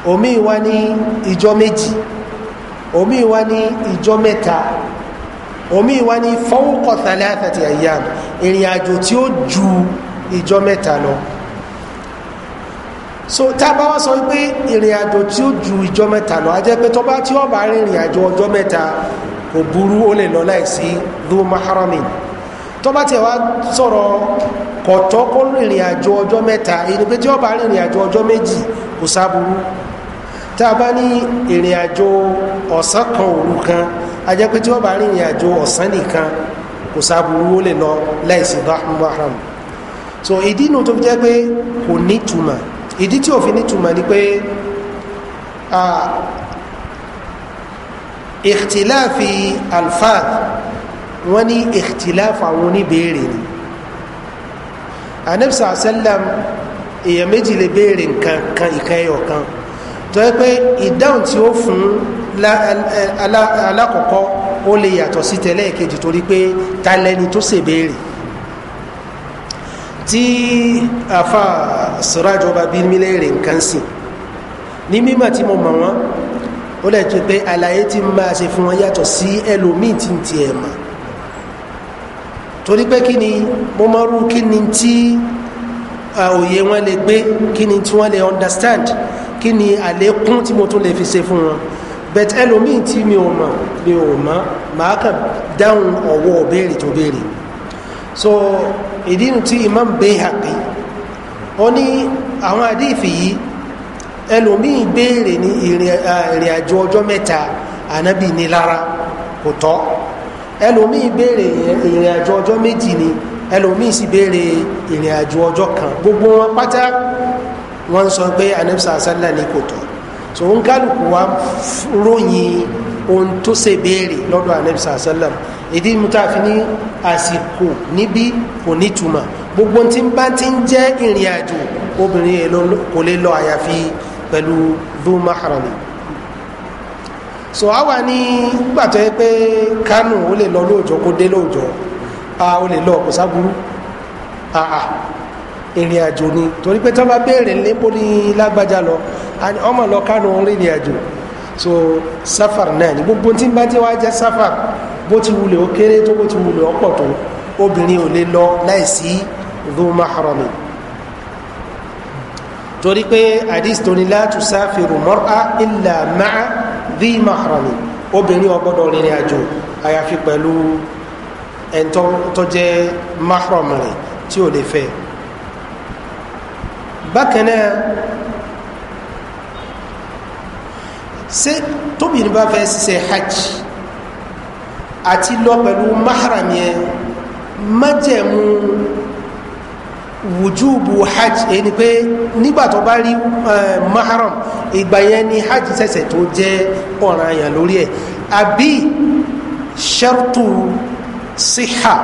Speaker 1: omi wa ní ìjọ méjì omi wa ní ìjọ mẹ́ta omi wa ní fọwọ́kọ̀ thalathati ayyam ìrìn àjò tí ó ju ìjọ mẹ́ta lọ so tá a bá wá sọ pé ìrìn àjò tí ó ju ìjọ mẹ́ta lọ a jẹ́ pé tọ́ba tí ó bá rin ìrìn àjò ọjọ́ mẹ́ta kò burú ó lè lọ láìsí dhu mahramin tọ́ba tí e wàá sọ̀rọ̀ kọ̀tọ́ kó rìnrìn àjò ọjọ́ mẹ́ta ìdí tí ó bá rìnrìn àjò ọjọ́ méjì kò sáburú tá a bá ní ìrìn àjò ọ̀sán kan òru kan a jẹ́ pé tí wọ́n bá rí ìrìn àjò ọ̀sán nìkan kò sábúrú ó lè lọ láìsí bahram so ìdí inú tó fi jẹ́ pé kò nítumọ̀ ìdí tí òfin nítumọ̀ ni pé ìkìtìláàfi alfaad wọ́n ní ìkìtìláàfi àwọn oníbèèrè ni anabisa sallam èèyàn méjì lè béèrè nǹkan kan ìkan kan, kan tọ́ pé ìdáhùn tí ó fún alákọ̀ọ́kọ́ ó lè yàtọ̀ sí tẹ́lẹ̀ kejì torí pé ta lẹni tó ṣe béèrè tí afa sọ́rájọba bí mílẹ̀ rẹ̀ nǹkan sìn ní mímọ̀ tí mo mọ̀ wọ́n ó lè tó pé àlàyé tí ń bá ṣe fún wọn yàtọ̀ sí ẹlòmíì tí ń tiẹ̀ mọ̀ torí pé kí ni mo máa rú kí ni tí òye wọn lè gbé kí ni tí wọn lè understand kí ni àlékún tí mo tún lè fi ṣe fún wọn bẹt ẹlòmíì tí mi ò mọ mi ò mọ màá kàn dáhùn ọwọ́ béèrè tó béèrè so ìdí nu tí imam bayhaqi ó ní àwọn àdéhìfì yìí ẹlòmíì béèrè ní ìrìn àjò ọjọ́ mẹ́ta ànábì ní lára kò tọ́ ẹlòmíì béèrè ìrìn àjò ọjọ́ méjì ni ẹlòmíì sì béèrè ìrìn àjò ọjọ́ kan gbogbo wọn pátá wọ́n sọ pé anamsa asálà ní kò tọ́ so ń kálukú wa ròyìn ohun tó ṣe béèrè lọ́dọ̀ anamsa asálà ìdí mi tá a fi ní àsìkò níbí kò nítumọ̀ gbogbo tí ń bá ti ń jẹ́ ìrìn àjò obìnrin yẹn kò lè lọ àyàfi pẹ̀lú dhu mahrami so àwa ní gbàtọ́ yẹ pé kánò ó lè lọ lóòjọ́ kó dé lóòjọ́ a ó lè lọ kò sábúrú àà ìrìn àjò ni torí pé tán bá béèrè níbo ní lágbájá lọ ọmọ lọ kánú rìnrìn àjò so safar náà ni gbogbo tí bá ti wá jẹ safar bó ti wulẹ̀ ó kéré tó bó ti wulẹ̀ ó pọ̀ tó obìnrin ò lè lọ láìsí dhu mahrami torí pé hadith tó ní látú sáfìrù mọ́ra ilà máa dhi mahrami obìnrin ò rìnrìn àjò àyàfi pẹ̀lú ẹ̀ńtọ́ tó jẹ́ mahram rẹ̀ tí ò lè fẹ́ẹ́ bákan náà ṣé tóbìnrin bá fẹ́ ṣiṣẹ́ hajj àti lọ pẹ̀lú mahram yẹn májẹ̀mú wùjúbù hajj èyí ni pé nígbà tó bá rí mahram ìgbà yẹn ni hajj ṣẹ̀ṣẹ̀ tó jẹ́ ọ̀ràn àyàn lórí ẹ̀ àbí ṣẹ́rùtù síhà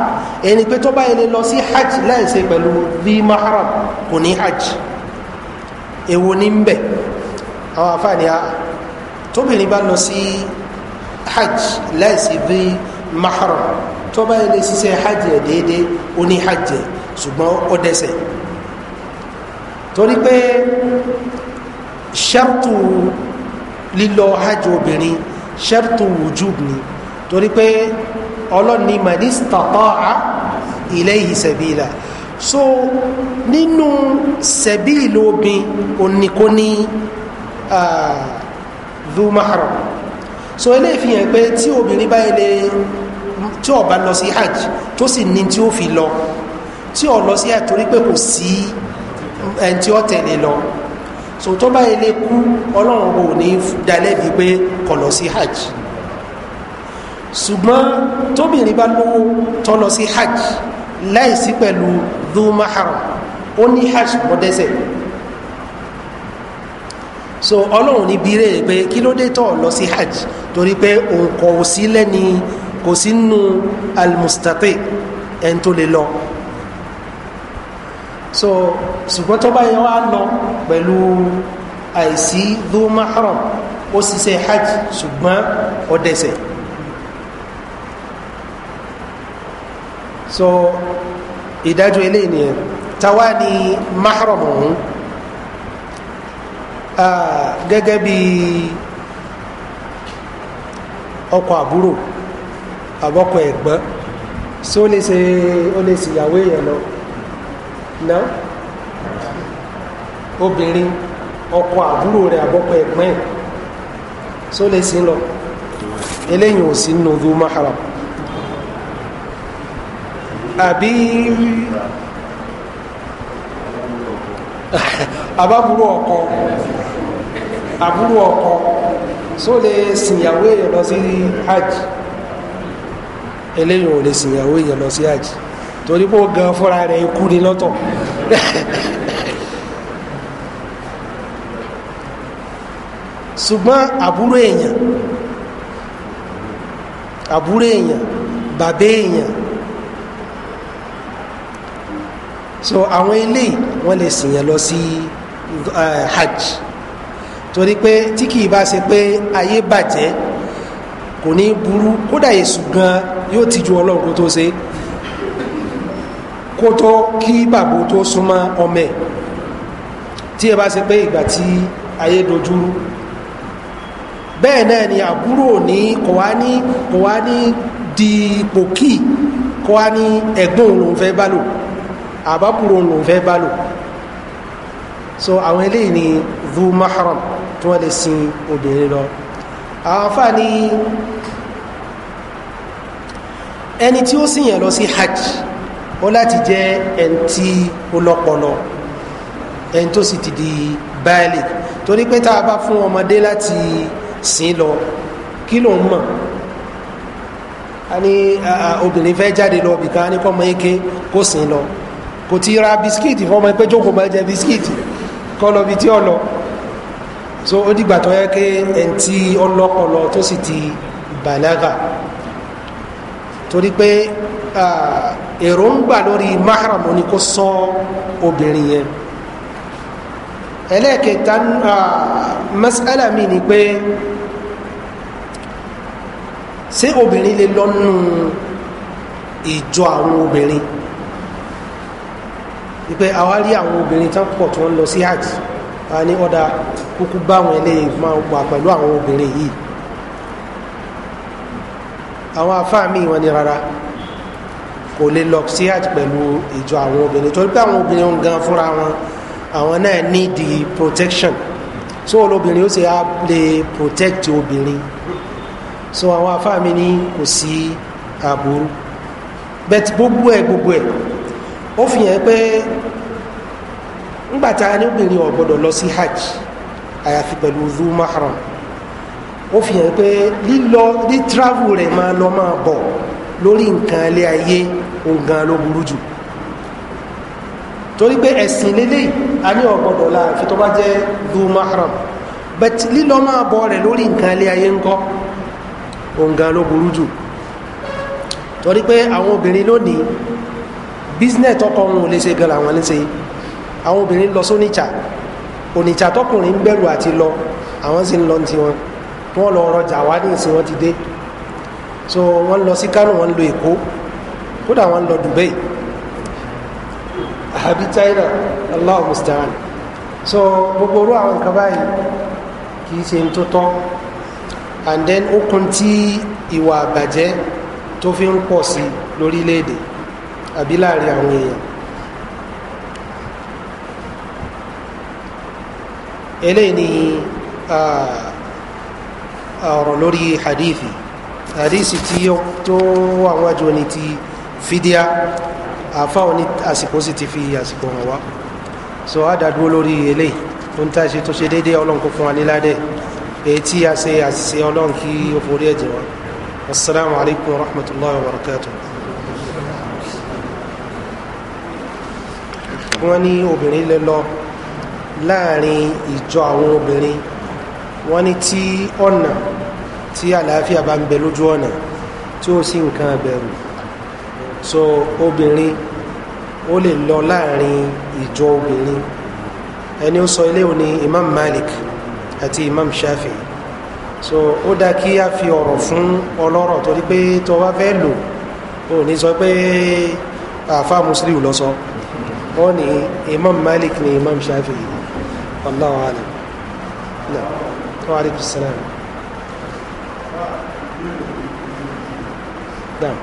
Speaker 1: èyí pé tó bá yẹn lọ sí hajj láìsẹ̀ pẹ̀lú bí mahram kò ní hajj èwo ní ń bẹ̀ àwọn àfààní a tóbìnrin bá lọ sí hajj láìsí bí mahram tó bá ilé ṣiṣẹ́ hajj ẹ̀ déédéé ó ní hajj ẹ̀ ṣùgbọ́n ó dẹ́sẹ̀ torí pé ṣẹ́rtù lílọ hajj obìnrin ṣẹ́rtù wùjúb ni torí pé ọlọ́ni manistata'a ilayhi sabila so nínú sẹ̀bí ìlú obìn oníkó ní so eléyìí fi hàn pé tí obìnrin báyìí lè tí ó bá lọ sí hajj tó sì ní tí ó fi lọ tí ó lọ sí hajj torí pé kò sí ẹni tí ó tẹ̀lé lọ so tó báyìí lè kú ọlọ́run kò ní dalẹ́bi pé kò lọ sí hajj ṣùgbọ́n tóbìnrin bá lówó tó lọ sí hajj láìsí pẹ̀lú dùmáhàrọ̀ ó ní hajj mọ́dẹ́sẹ̀ so ọlọ́run ní bí rèé pé kí ló dé tọ̀ lọ sí hajj torí pé òun kọ̀ ò sí lẹ́ni kò sí nù almustapha ẹni tó lè lọ so ṣùgbọ́n tó bá yẹn wá lọ pẹ̀lú àìsí dùmáhàrọ̀ ó sì ṣe hajj ṣùgbọ́n ó so ìdájọ́ ilé nìyẹn tawa ni mahram ọ̀hún gẹ́gẹ́ bí ọkọ àbúrò àbọ̀kọ ẹ̀gbọ́n sí ó lè ṣe ó lè ṣìyàwó èèyàn lọ ná obìnrin ọkọ àbúrò rẹ̀ àbọ̀kọ ẹ̀gbọ́n ẹ̀ sí ó lè lọ eléyìí ò sí nínú ọdún àbí àbábúrú ọkọ àbúrú ọkọ So lè sìnyàwó èèyàn lọ sí hajj eléyìn ò lè sìnyàwó èèyàn lọ sí hajj torí pé ó gan fúnra rẹ̀ ikú ni lọ́tọ̀ ṣùgbọ́n àbúrú èèyàn àbúrú èèyàn bàbá èèyàn so àwọn ilé wọn lè sìn yẹn lọ sí hajj torí pé tí kì í bá ṣe pé ayé bàjẹ́ kò ní burú kódà èsù gan yóò tijú ọlọ́run kó tó ṣe kó tó kí bàbá tó súnmọ́ ọmọ ẹ̀ tí ẹ bá ṣe pé ìgbà tí ayé dojúrú bẹ́ẹ̀ náà ni àbúrò ní kò wá ní kò wá ní di ipò kí kò wá ní ẹ̀gbọ́n òun fẹ́ bá lò àbábùrò ń fẹ́ bá lò so àwọn eléyìí ni dhu mahram tí wọ́n lè sin obìnrin lọ àwọn afáàní ẹni tí ó sì yàn lọ sí hajj ó láti jẹ́ ẹni tí ó lọ́pọlọ ẹni tó sì ti di báyìlì torí pé tá a bá fún ọmọdé láti sin lọ kí ló ń mọ̀ a ní obìnrin fẹ́ jáde lọ bìkan ní kọ́ mọ eke kó sin lọ kò ti ra bisikíìtì fọmọ pé jókòó máa jẹ bisikíìtì kọ́ lọ bí tí ọ lọ so ó dìgbà tó yẹ kí ẹn tí ọlọ́pọlọ tó sì ti bàlágà torí pé èròǹgbà lórí mahram ni kò sọ obìnrin yẹn ẹlẹ́ẹ̀kẹta masala mi ni pé ṣé obìnrin lè lọ́nu ìjọ àwọn obìnrin wípé àwa rí àwọn obìnrin tán pọ̀ tí wọ́n lọ sí hajj a ní ọ̀dà kúkú bá àwọn eléyìí máa wà pẹ̀lú àwọn obìnrin yìí àwọn afáà míì wọn ni rárá kò lè lọ sí hajj pẹ̀lú ìjọ àwọn obìnrin torí pé àwọn obìnrin ń gan fúnra wọn àwọn náà ní di protection so olóbìnrin ó sì á lè protect obìnrin so àwọn afáà mi ní kò sí àbúrú bẹ́ẹ̀ gbogbo ẹ̀ gbogbo ẹ̀. ó fi hàn pé ńgbàtà níbìnrin ọ̀gbọ́dọ̀ lọ sí hajj àyàfi pẹ̀lú zu mahram ó fi hàn pé lílọ ní travel rẹ̀ máa lọ máa bọ̀ lórí nǹkan ilé ayé òun gan ló burú jù torí pé ẹ̀sìn lélẹ̀ a ní ọ̀gbọ̀dọ̀ láàfin tó bá jẹ́ mahram but lílọ máa bọ̀ rẹ̀ lórí nǹkan ilé ayé ńkọ́ òun gan ló burú jù torí pé àwọn obìnrin lónìí business tọkọ wọn ò lè ṣe gan làwọn ń ṣe àwọn obìnrin lọ sóníjà oníjà tọkùnrin ń bẹ̀rù àti lọ àwọn sì ń lọ ti wọn wọn lọ rọjà wá ní ìsìn wọn ti dé so wọn lọ sí kánò wọn lọ èkó kódà wọn lọ dubai àbí china allah mustaan so gbogbo orú àwọn nǹkan báyìí kì í ṣe ń tó tọ́ and then ó kun tí ìwà àbàjẹ́ tó fi ń pọ̀ sí lórílẹ̀ àbí láàrin àwọn èèyàn eléyìí ni ọ̀rọ̀ lórí hadithi hadithi tí tó àwọn àjò ni ti fídíà àfáwọn ní àsìkò sì ti fi àsìkò hàn wá so a dàdúró lórí eléyìí tó ń tàṣe tó ṣe déédéé ọlọ́run kó fún wa níládẹ́ èyí tí a ṣe àṣìṣe ọlọ́run kí ó forí ẹ̀jẹ̀ wa assalamu wa rahmatulahi wa barakatuh wọ́n ní obìnrin lè lọ láàrin ìjọ àwọn obìnrin wọ́n ní tí ọ̀nà tí àlàáfíà bá ń bẹ lójú ọ̀nà tí ó sì nǹkan bẹ̀rù so obìnrin ó lè lọ láàrin ìjọ obìnrin ẹni ó sọ ilé òní imam malik àti imam shafi so ó dá kí a fi ọ̀rọ̀ fún ọlọ́rọ̀ torí pé tó bá fẹ́ lò ó ní sọ pé àfa muslim lọ sọ. So, هون إمام مالك من إمام شافعي الله أعلم نعم وعليكم السلام نعم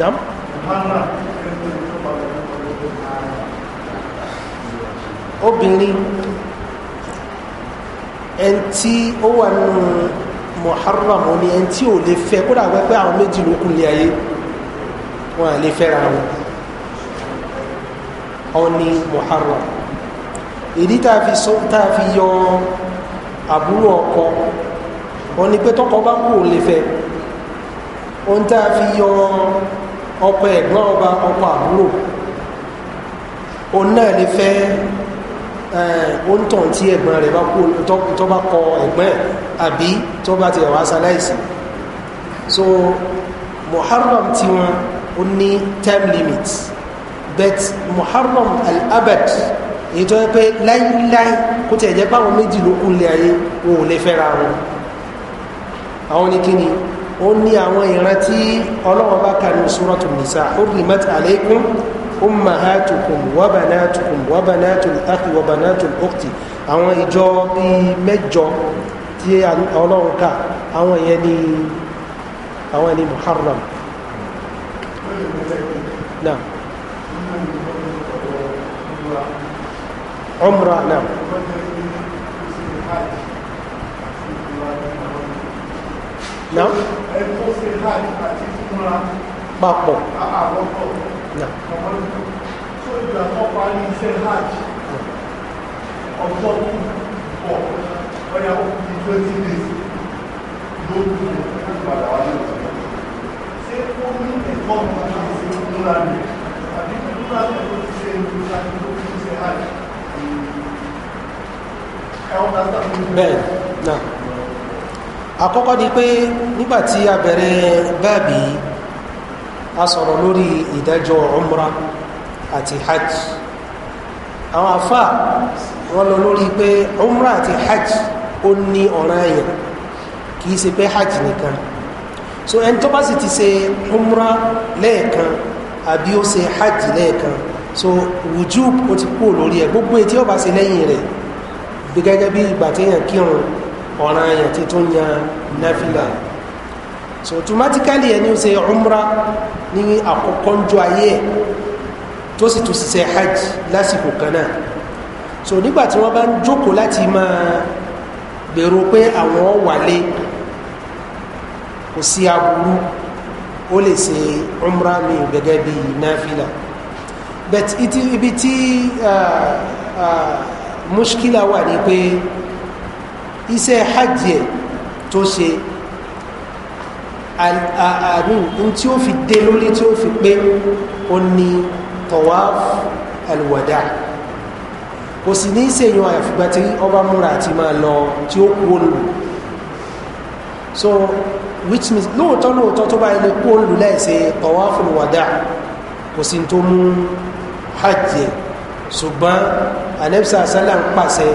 Speaker 1: نعم obìnrin ẹni tí ó wà nínú muharram ni ẹni tí ò lè fẹ́ kódà pé àwọn méjì ló kún lé ayé wọn à lè fẹ́ra wọn àwọn ni muharram ìdí tá a fi sọ tá a fi yọ àbúrò ọkọ wọn ni pé tọkọ bá kú ò lè fẹ́ ohun tá a fi yọ ọkọ ẹ̀gbọ́n ọba ọkọ àbúrò òun náà lè fẹ́ òǹtàn eh, tí ẹ̀gbọ́n rẹ̀ bá kú tó bá kọ ẹ̀gbọ́n àbí tó bá ti ẹ̀wà sáláìsì so muharram tí wọn ó ní time limit but muharram al-abad èyí tó yẹ pé láíláí kó tẹ̀ jẹ́ báwọn méjì ló kú lé ayé wọn ò lè fẹ́ra wọn àwọn ní kíni ó ní àwọn ìran tí ọlọ́wọ́ bá kà ní suratul nisa hurrimat alaykum ummahatukum wa banatukum wa banatul akhi wa banatul ukhti àwọn ìjọ bíi mẹ́jọ tí ọlọ́run kà àwọn yẹn ni àwọn ni muharram náà umra náà. náà. papọ̀ tó ìgbà kan parí iṣẹ́ hajj ọjọ́ tó pọ̀ ọ̀yà òkú twenty days ló ń lò ó padà wá lóòótọ́ ṣé ó ní ẹ̀kọ́ kan láti ṣe lóra rẹ̀ àbí lóra rẹ̀ ló ti ṣe lóra rẹ̀ ló ti ṣe ni pé nígbà tí a bẹ̀rẹ̀ báàbí a sọ̀rọ̀ lórí ìdájọ́ umra àti hajj àwọn afa wọn lọ lórí pé umra àti hajj ó ní ọ̀ràn yẹn kì í ṣe pé hajj nìkan so ẹni tó bá sì ti ṣe umra lẹ́ẹ̀kan àbí ó ṣe hajj lẹ́ẹ̀kan so wujub ó ti kúrò lórí ẹ gbogbo etí ọba ṣe lẹ́yìn rẹ̀ gẹ́gẹ́ bí ìgbà téèyàn kírun ọ̀ràn yẹn ti tún yan náfìlà so automatically ẹni ó ṣe umra ní àkọ́kọ́ ń jọ ayé ẹ̀ tó sì tún ṣiṣẹ́ hajj lásìkò kan náà so nígbà tí wọ́n bá ń jókòó láti máa gbèrò pé àwọn wàlé kò sí aburú ó lè ṣe umra mi gẹ́gẹ́ bí náfìlà but ibi tí mushkila wà ní pé iṣẹ́ hajj ẹ̀ tó ṣe àrùn ní tí ó fi dé lórí tí ó fi pé ó ní tawaf alwada kò sì ní sèyàn àfìgbà tí ọba múra àti máa lọ tí ó kú olù so which means lóòótọ́ lóòótọ́ tó bá ilé kú olù láìsẹ̀ tawaf alwada kò sì tó mú hajj ṣùgbọ́n anẹ́bísà sálà ń pàṣẹ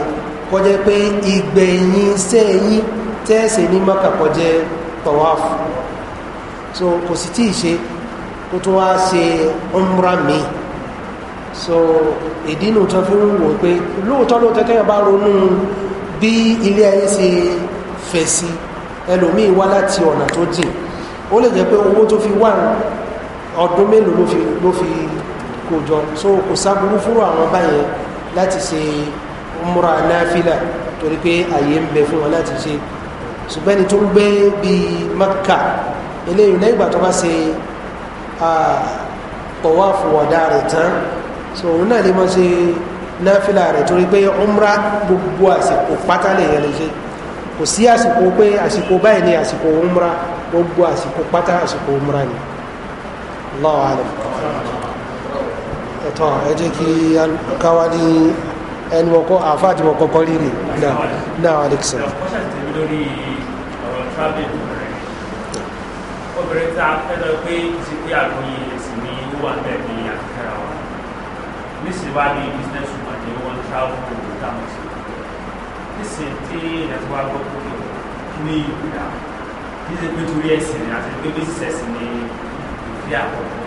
Speaker 1: kọjá pé ìgbẹ̀yìn sẹ́yìn tẹ́ẹ̀sẹ̀ ní mọ́kà kọjá tawaf alwada so kò sì tí ì ṣe kó tó wá ṣe umra mi so ìdínú tó fi ń wò pé lóòótọ́ lóòótọ́ tẹ́yàn bá ronú bí ilé ayé ṣe fẹ̀ sí ẹlòmíì wá láti ọ̀nà tó jìn ó lè jẹ́ pé owó tó fi wà ọdún mélòó ló fi ló fi kó jọ so kò sáburú fúnra àwọn báyẹn láti ṣe umra náfìlà torí pé àyè ń bẹ fún wọn láti ṣe ṣùgbẹ́ni tó ń gbé bíi maka eléyìí lẹ́yìn ìgbà tó bá ṣe pọ̀wá fòwọ̀dá rẹ̀ tán so òun náà lè mọ́ ṣe náfìlà rẹ̀ torí pé umra gbogbo àsìkò pátá lè yẹn lè ṣe kò sí àsìkò pé àsìkò báyìí ni àsìkò umra gbogbo àsìkò pátá àsìkò umra ni lọ́wọ́ àlẹ́ ẹ̀tọ́ ẹ jẹ́ kí káwá ní ẹni wọ́kọ́ àfáà tí wọ́kọ́ kọ́ rírì náà náà alexander. ọ̀rọ̀ obìnrin tá a fẹ́ lọ pé ti pé àgbóyè ẹ̀sìn ni ó wà bẹ́ẹ̀ ní àkàrà wa nísìnyí wá ní business woman ni wọ́n ń travel to the town sí nísìnyí tí ìrẹsì wa gbọ́ pé ní ìgbà kí ṣe pé torí ẹ̀sìn ni àti pé business ẹ̀sìn ni ìfẹ́ àkọ́kọ́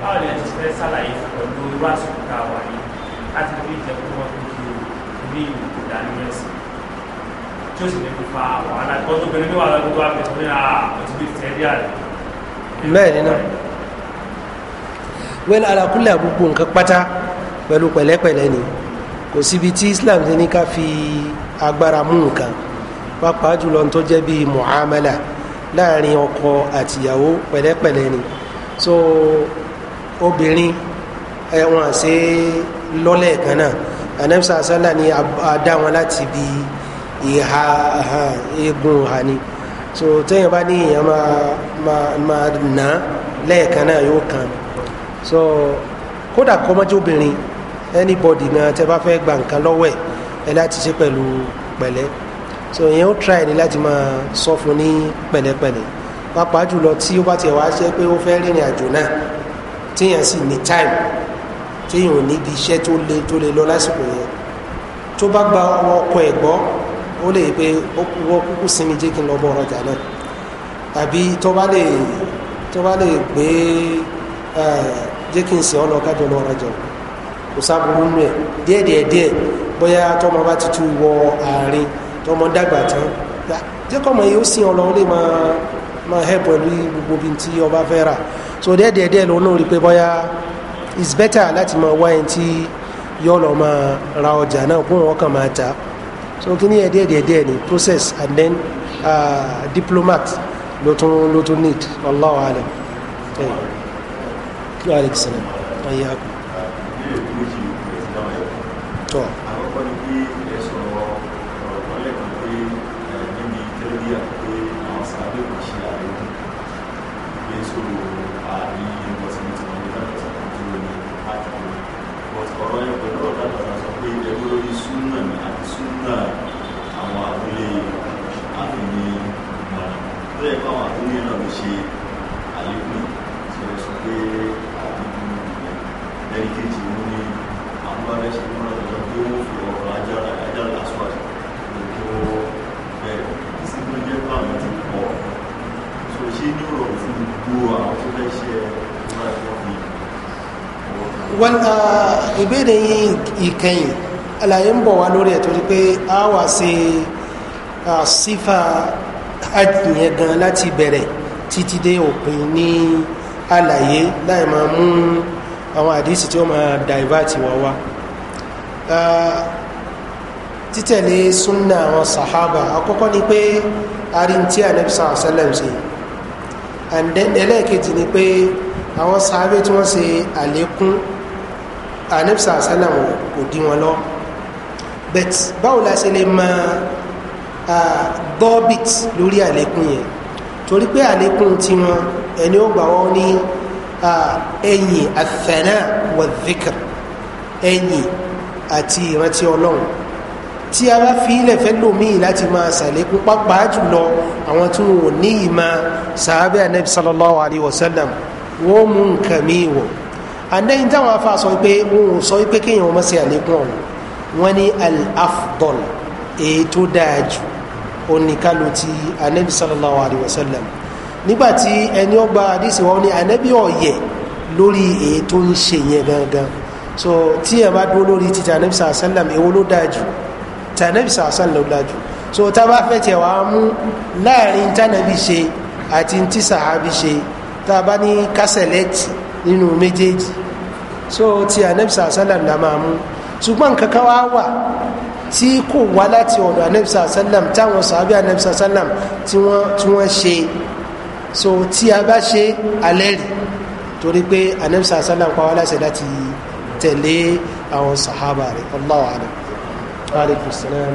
Speaker 1: báwo ni ẹ̀sìn fẹ́ ṣàlàyé pẹ̀lú irú àsìkò tá a wà yìí láti fi jẹ́ kó wọ́n fi kí o ní ìwòkó dání ẹ̀sìn tí ó sì ní kó fa wàhálà gbọ́dọ̀ pé ní wàhálà gbọ́dọ̀ wà pẹ̀lú ní à ọtí bí bẹ́ẹ̀ ni náà wẹ́n alákùnlé àgbogbo nǹkan pátá pẹ̀lú pẹ̀lẹ́pẹ̀lẹ́ ni kò síbi tí islam ti ní ká fi agbára mú nǹkan pàápàá jùlọ tó jẹ́ bíi muhammadu láàrin ọkọ àtìyàwó pẹ̀lẹ́pẹ̀lẹ́ ni so obìnrin ẹ̀wọ̀n àṣẹ lọ́lẹ̀ kan náà anamsa asala ni a dá wọn láti bi ìhà eegun ìhà ni. Ha, so téèyàn bá ní èèyàn máa máa máa nà á lẹ́ẹ̀kan náà yóò kàn so kódà kọ́mọ́jú obìnrin anybody náà tẹ́ bá fẹ́ gba nǹkan lọ́wọ́ ẹ̀ láti ṣe pẹ̀lú pẹ̀lẹ́ so èèyàn ó try ni láti máa sọ fún ní pẹ̀lẹ́pẹ̀lẹ́ pàápàá jùlọ tí ó bá tiẹ̀ wá ṣe pé ó fẹ́ rìnrìn àjò náà téèyàn sì ní time téèyàn ò níbi iṣẹ́ tó le tó le lọ lásìkò yẹn tó bá gba ọkọ̀ ẹ̀ gbọ́ o le pe wọ́n sinmi jẹ́ kí ọrọ lọ tabi tàbí bá gbé jẹ́ kí n sìn ọ́ lọ kájọ lọ ọ̀rọ̀jà kò sábúrú nù ẹ̀ díẹ̀ tɔmɔ díẹ̀ bóyá tọmọ bá ti tún wọ àárín tọmọ dàgbà tán jẹ́ kọ́mọ so deɛ deɛ deɛ better so kíní ẹ̀ díẹ̀ díẹ̀ díẹ̀ ni process and then uh, diplomat ló tún ló tún need Allahu alam ẹ̀ kí wàá lè kí sẹ́lẹ̀ ọ̀yẹ́ àkùn. wọn ìbéèrè yìí ìkẹyìn àlàyé ń bọ̀ wá lórí ẹ̀ torí pé a wà sí sífà àjìyàn gan láti bẹ̀rẹ̀ títí dé òpin ní àlàyé láì máa mú àwọn àdísì tí ó máa dàìváàtì wá wá títẹ̀lé súnà àwọn sàhábà àkọ́kọ́ ni pé arin tí anabi sàn sẹ́lẹ̀m ṣe and then ẹlẹ́ẹ̀kejì ni pé àwọn sàábé tí wọ́n ṣe àlékún anabisa asalam kò di wọn lọ bet báwo la ṣe lè mọ dọ́bìt lórí àlékún yẹn torí pé àlékún tiwọn ẹni ó gbà wọn ní ẹyìn àfẹnà wà dhikr ẹyìn àti ìrántí ọlọ́run tí a bá fi ilẹ̀ fẹ́ lòmíì láti máa ṣàlékún pápá jùlọ àwọn tí wọn ò ní ìmọ̀ sàábẹ́ anabi sallallahu alayhi wa sallam wọ́n mú nǹkan mi wọ̀ àdéhìn táwọn afa sọ pé wọn ò sọ pé kéèyàn ọmọ sí àlékún ọ̀hún wọn ní al-afdol èyí tó dáa jù oníkalu ti anabi sallallahu alayhi wa sallam nígbà ẹni ọgbà àdìsí wọn ní anabi ọ̀yẹ̀ lórí èyí tó ń ṣe yẹn gangan so tí ẹ bá dúró lórí títí anabi sallallahu alayhi wa sallam èwo ló dáa jù tí anabi ló dáa jù so tá a bá fẹ́ tiẹ̀ wá mú láàrin tánàbí ṣe àti tí sàhábí ṣe tá a bá ní kásẹ̀lẹ́tì nínú méjèèjì so ti anabisa asalam la máa mú ṣùgbọ́n kankan wá wà tí kò wá láti ọ̀dọ̀ anabisa asalam táwọn sàábì anabisa asalam tí wọ́n tí wọ́n ṣe so tí a bá ṣe alẹ́ rí torí pé anabisa asalam pa wá láṣẹ láti tẹ̀lé àwọn sàhábà rẹ̀ allah wa alaykum salaam.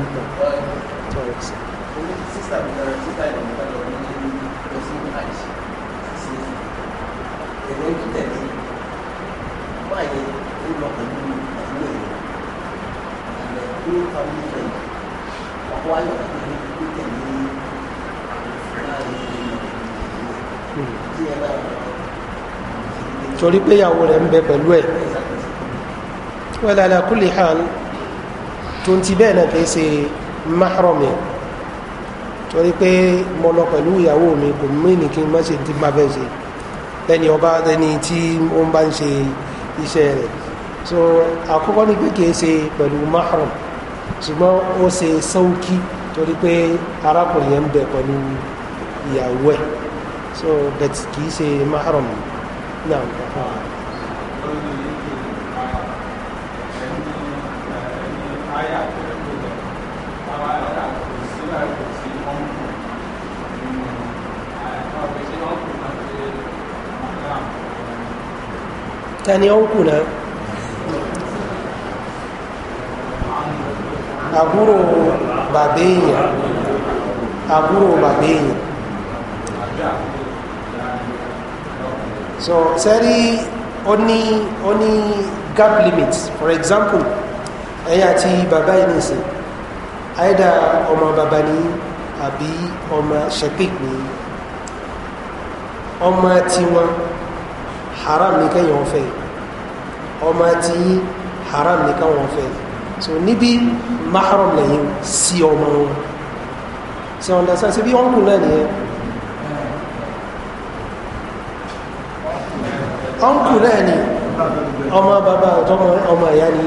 Speaker 1: gbé tàbí ìfẹ́ ọkọ̀ ayọ̀ àti ẹni tó tẹ̀lé torí pé ìyàwó rẹ̀ ń bẹ pẹ̀lú ẹ̀ wala ala kulli hal tó ń ti bẹ́ẹ̀ náà kìí ṣe mahrami torí pé mo lọ pẹ̀lú ìyàwó mi kò mí ní kí n má ṣe ti má fẹ́ ṣe lẹ́ni ọba lẹ́ni tí ó ń bá ń ṣe iṣẹ́ rẹ̀ so àkọ́kọ́ ni pé kìí ṣe pẹ̀lú mahram ṣùgbọ́n ó ṣe sọ́ọ́kì torí pé arákùnrin yẹn ń bẹ pẹ̀lú ìyàwó ẹ̀ so but kì í ṣe mahram náà kọ́kọ́. tani ọ̀nkù náà. àbúrò babenya, èèyàn babenya. so sẹ́rí ó ní ó gap limit for example ẹ̀yà àti bàbá yìí nìsín àìdá ọmọ bàbá ní àbí ọmọ shepik ní ọmọ tiwọn haram ní kẹ́yìn ọ̀fẹ́ ọmọ tí haram ní kẹ́yìn ọ̀fẹ́ yìí so níbi mahram lẹ́yìn sí ọmọ wọn ṣe ọ̀nà sáà ṣe bí wọ́n kù náà nìyẹn ọ̀nkù náà ni ọmọ bàbá ọ̀tọ́mọ ọmọ ìyá ni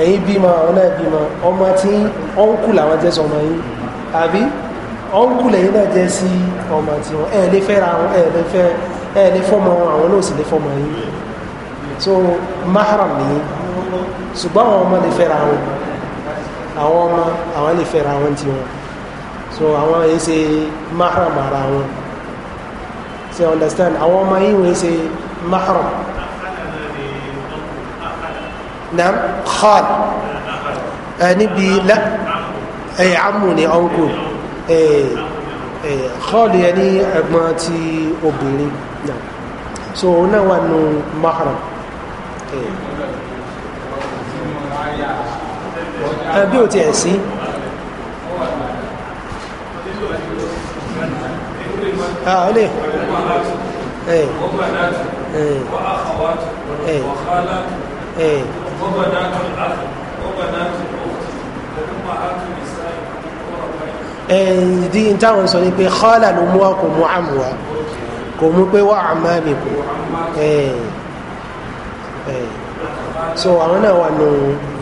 Speaker 1: ẹ̀yìn bímọ àwọn náà bímọ ọmọ tí ọ̀nkù làwọn jẹ́ sọmọ yìí àbí ọ̀nkù lẹ́yìn náà jẹ́ sí ọmọ tí wọn ẹ̀ lè fẹ́ra wọn ẹ̀ lè fẹ́ ẹ̀ lè fọ́mọ àwọn náà sì lè fọ́mọ yìí so mahram nìyí ṣùgbọ́n àwọn ọmọ lè fẹ́ra wọn àwọn ọmọ àwọn lè fẹ́ra wọn ti wọn so àwọn èyí ṣe mahram ara wọn ṣe understand àwọn ọmọ yìí wọ́n ṣe mahram nam khal níbi ẹ̀yà amú ni ọ̀nkù khal yẹn ní ti obìnrin náà so náà wà nù mahram. Eh. bí ò tiẹ̀ sí. ọlẹ́ ẹ̀ ẹ̀ ẹ̀ ẹ̀ ẹ̀ẹ́dì táwọn sọ ní pé kọ́lá ló mú wa kò mú àmúwa kò mú pé wà á máa nìkú ẹ̀ẹ́ so àwọn náà wà nù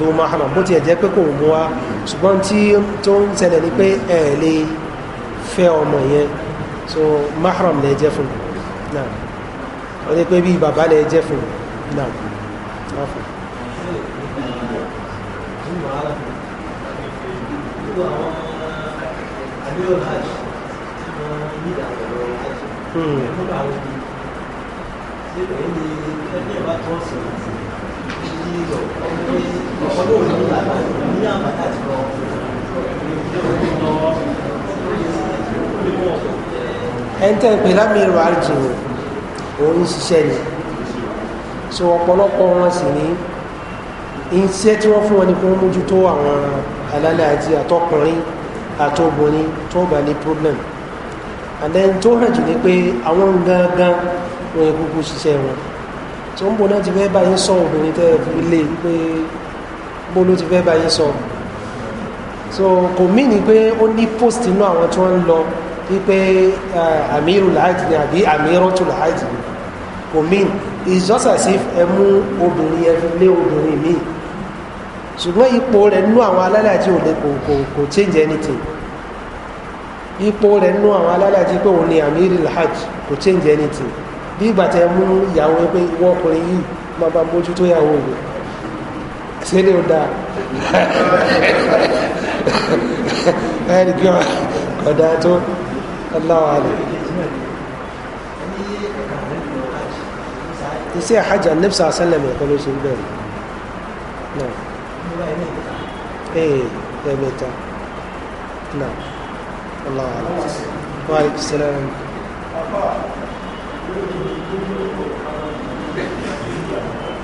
Speaker 1: ló mahama bó tiẹ̀ jẹ́ pé kò mú wa ṣùgbọ́n tí tó ń ṣẹlẹ̀ ni pé ẹ̀ lè fẹ́ ọmọ yẹn so mahram lè jẹ́ fún náà wọ́n ní pé bí bàbá lè jẹ́ fún náà wọ́n fún. Hmm ẹ̀ńtẹ́ ń pè lámìrò àjìnrìn òun ń ṣiṣẹ́ ni so ọ̀pọ̀lọpọ̀ wọn sì ní iṣẹ́ tí wọ́n fún wọn ni kó mójútó àwọn alálẹ̀ àti àtọkùnrin àtọbìnrin tó bá ní problem and then tó hàn jù ní pé àwọn gangan wọn kúkú ṣiṣẹ́ wọn tó ń bo náà ti fẹ́ bá yín sọ obìnrin tẹ́ fi e pé bó ló ti fẹ́ bá yín sọ so kò mí ni pé ó ní post inú àwọn tí wọ́n ń lọ wípé àmírù làájì ni àbí àmírọ́tù làájì ni kò mí it's just as if ẹ mú obìnrin ẹ fi lé obìnrin míì ṣùgbọ́n ipò rẹ̀ nú àwọn alálàájì ò lè kò kò kò change anything ipò rẹ̀ nú àwọn alálàájì pé òun ni àmírù làájì kò change anything bí ìgbà tẹ mú ìyàwó pé ìwọ ọkùnrin yìí máa bá mójútó ìyàwó mi ṣé ni ó dáa ẹnì kí ọ̀dà tó aláwọ̀ àlẹ́. iṣẹ́ hajj anabisa asálẹ̀ mi kọ́ ló ṣe ń bẹ̀rẹ̀ náà ee ẹ̀mẹ́ta náà aláwọ̀ àlẹ́ wa aleykum salaam.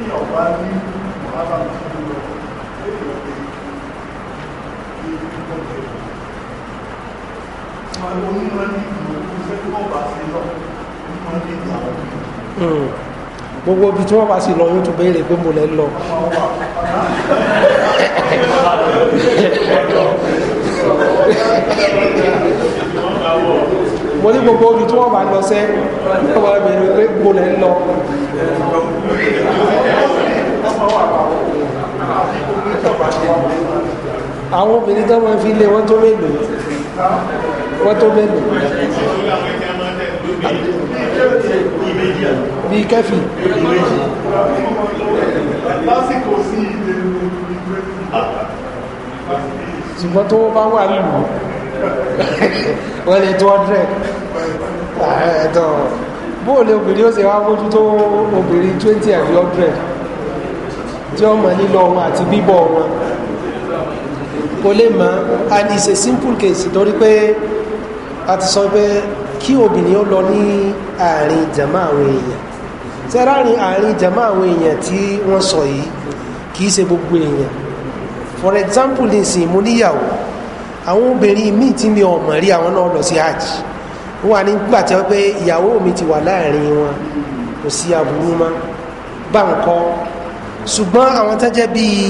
Speaker 1: tí bá ní ìyàwó gbogbo ibi tí wọ́n bá sì lọ yóò tún béèrè pé mo lè lọ mo ní gbogbo omi tí wọ́n bá lọ sẹ́ ọmọ ẹgbẹ̀rún pé gbogbo lẹ́ ń lọ àwọn obìnrin tó máa fi lé wọ́n tó mélòó wọ́n tó mélòó bí kẹfì ṣùgbọ́n tó bá wà nínú wọ́n lè eh, tó hundred ẹ̀dọ̀ bóòlù obìnrin ó sì wá mójú tó obìnrin twenty àbí hundred tí wọ́n mọ̀ nílò wọn àti bíbọ̀ wọn kò lè mọ̀ and it's a simple case torí pé a ti sọ pé kí obìnrin ó lọ ní àárín jama àwọn èèyàn tẹ́ráàrin àárín jama àwọn èèyàn tí wọ́n sọ yìí kì í ṣe gbogbo èèyàn for example nísìnyí mo níyàwó àwọn obìnrin míì tí mi ò mọ̀ rí àwọn náà lọ sí hajj wọ́n wà nígbà tí wọ́n pé ìyàwó mi ti wà láàrin wọn kò sí aburú mọ́ bá ń kọ́ ṣùgbọ́n àwọn tó jẹ́ bíi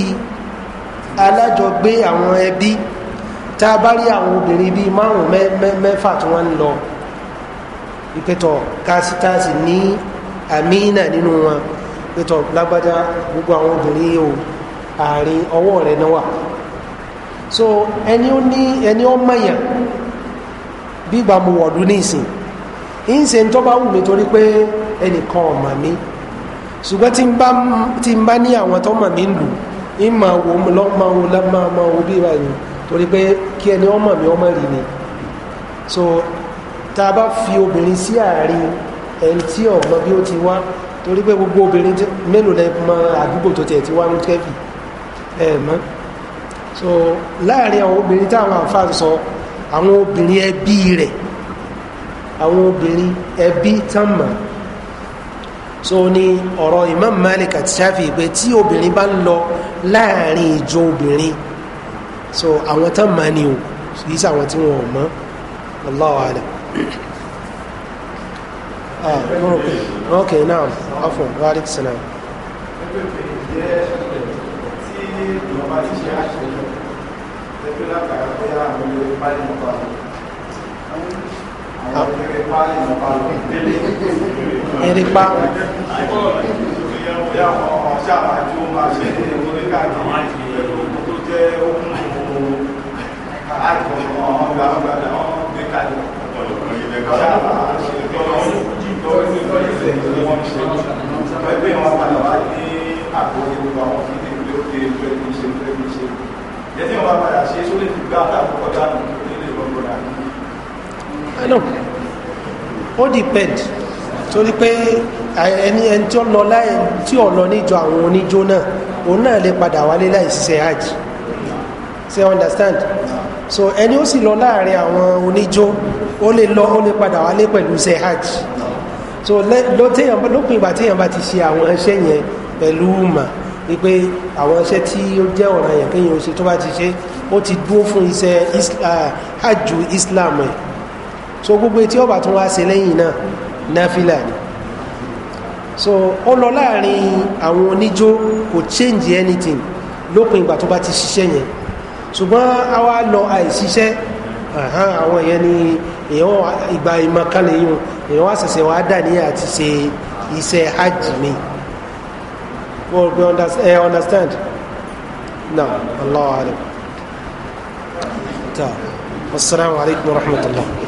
Speaker 1: alájọgbé àwọn ẹbí tá a bá rí àwọn obìnrin bíi márùn mẹ́fà tí wọ́n ń lọ ìpẹ́tọ̀ káṣíkáṣí ní àmínà nínú wọn ìpẹ́tọ̀ lágbájá gbogbo àwọn obìnrin o àárín ọwọ́ rẹ̀ náà wà so ẹni ó ní ẹni ó mọ̀yàn bígbà mo wọ̀dún ní ìsìn ń ṣe tó bá wù mí torí pé ẹnìkan ò mọ̀ mí ṣùgbọ́n tí n bá ní àwọn tó mọ̀ mí ń lù ń máa wo lọ́mọ wo lọ́mọ wo bí báyìí torí pé kí ẹni ó mọ̀ mí ó mọ̀ ni so tá a bá fi obìnrin sí àárín ẹni tí ọ̀mọ bí ó ti wá torí pé gbogbo obìnrin mélòó lẹ àdúgbò tó tiẹ̀ ti wá ń kẹ́fì ẹ̀ so láàrin àwọn obìnrin táwọn àǹfààní sọ àwọn obìnrin ẹbí rẹ̀ àwọn obìnrin ẹbí tán so ni ọ̀rọ̀ imam malik àti shafi pé tí obìnrin bá ń lọ láàrin ìjọ obìnrin so àwọn tán ni o kì í àwọn tí wọn ò mọ̀ allah ah, wa alẹ́. now, afọ, wa alaikum Ẹgbẹ́ òkè jẹ́ ọ̀pẹ̀ tí ìjọba ti ṣe àṣà aí, aí, pálí mọ́ pálí. Àwọn ìbéèrè pálí mọ́ pálí. Ìrìpá. Bí àwọn ọ̀ṣà àti ohun àṣẹ aí, orí káàkiri pẹ̀lú ohun tó jẹ́ ohun àìkọ̀ọ̀kan ọ̀hún gbàgbàgbà ọ̀hún gbé kalẹ̀. Ọ̀ṣà àṣẹ ìtọ́lọ́wọ́ ẹgbẹ́ wọn padà wá ní àgbóyé gbogbo àwọn fídíò lókè ẹgbẹ́ ìṣe ìṣe ìṣe ẹni ọba padà ṣe sólè fi gbá àtàkùn kọjá nù nílé ìrọ̀gbọ̀n náà. ẹnu ó depend torí pé ẹni ẹni tí ó lọ láì tí ò lọ níjọ àwọn oníjó náà òun náà lè padà wálé láì ṣe hajj ṣe understand so ẹni ó sì lọ láàrin àwọn oníjó ó lè lọ ó lè padà wálé pẹ̀lú ṣe hajj so lópin ìgbà téèyàn bá ti ṣe àwọn iṣẹ́ yẹn pẹ̀lú mà wípé àwọn iṣẹ́ tí ó jẹ́ ọ̀ràn yẹn kéèyàn ṣe tó bá ti ṣe ó ti dúró fún iṣẹ́ hajj islam ẹ̀ so gbogbo etí ọba tó wá ṣe lẹ́yìn náà náfìlà ni so ó lọ láàrin àwọn oníjó kò change anything lópin ìgbà tó bá ti ṣiṣẹ́ yẹn ṣùgbọ́n àwa lọ àìṣiṣẹ́ àwọn èèyàn ni èèyàn ìgbà ìmọ̀kànlẹ̀ yìí èèyàn wá ṣẹ̀ṣẹ̀ wá dà ní àti ṣe iṣẹ́ hajj mi. will be under, uh, understand نعم الله أعلم والسلام عليكم ورحمة الله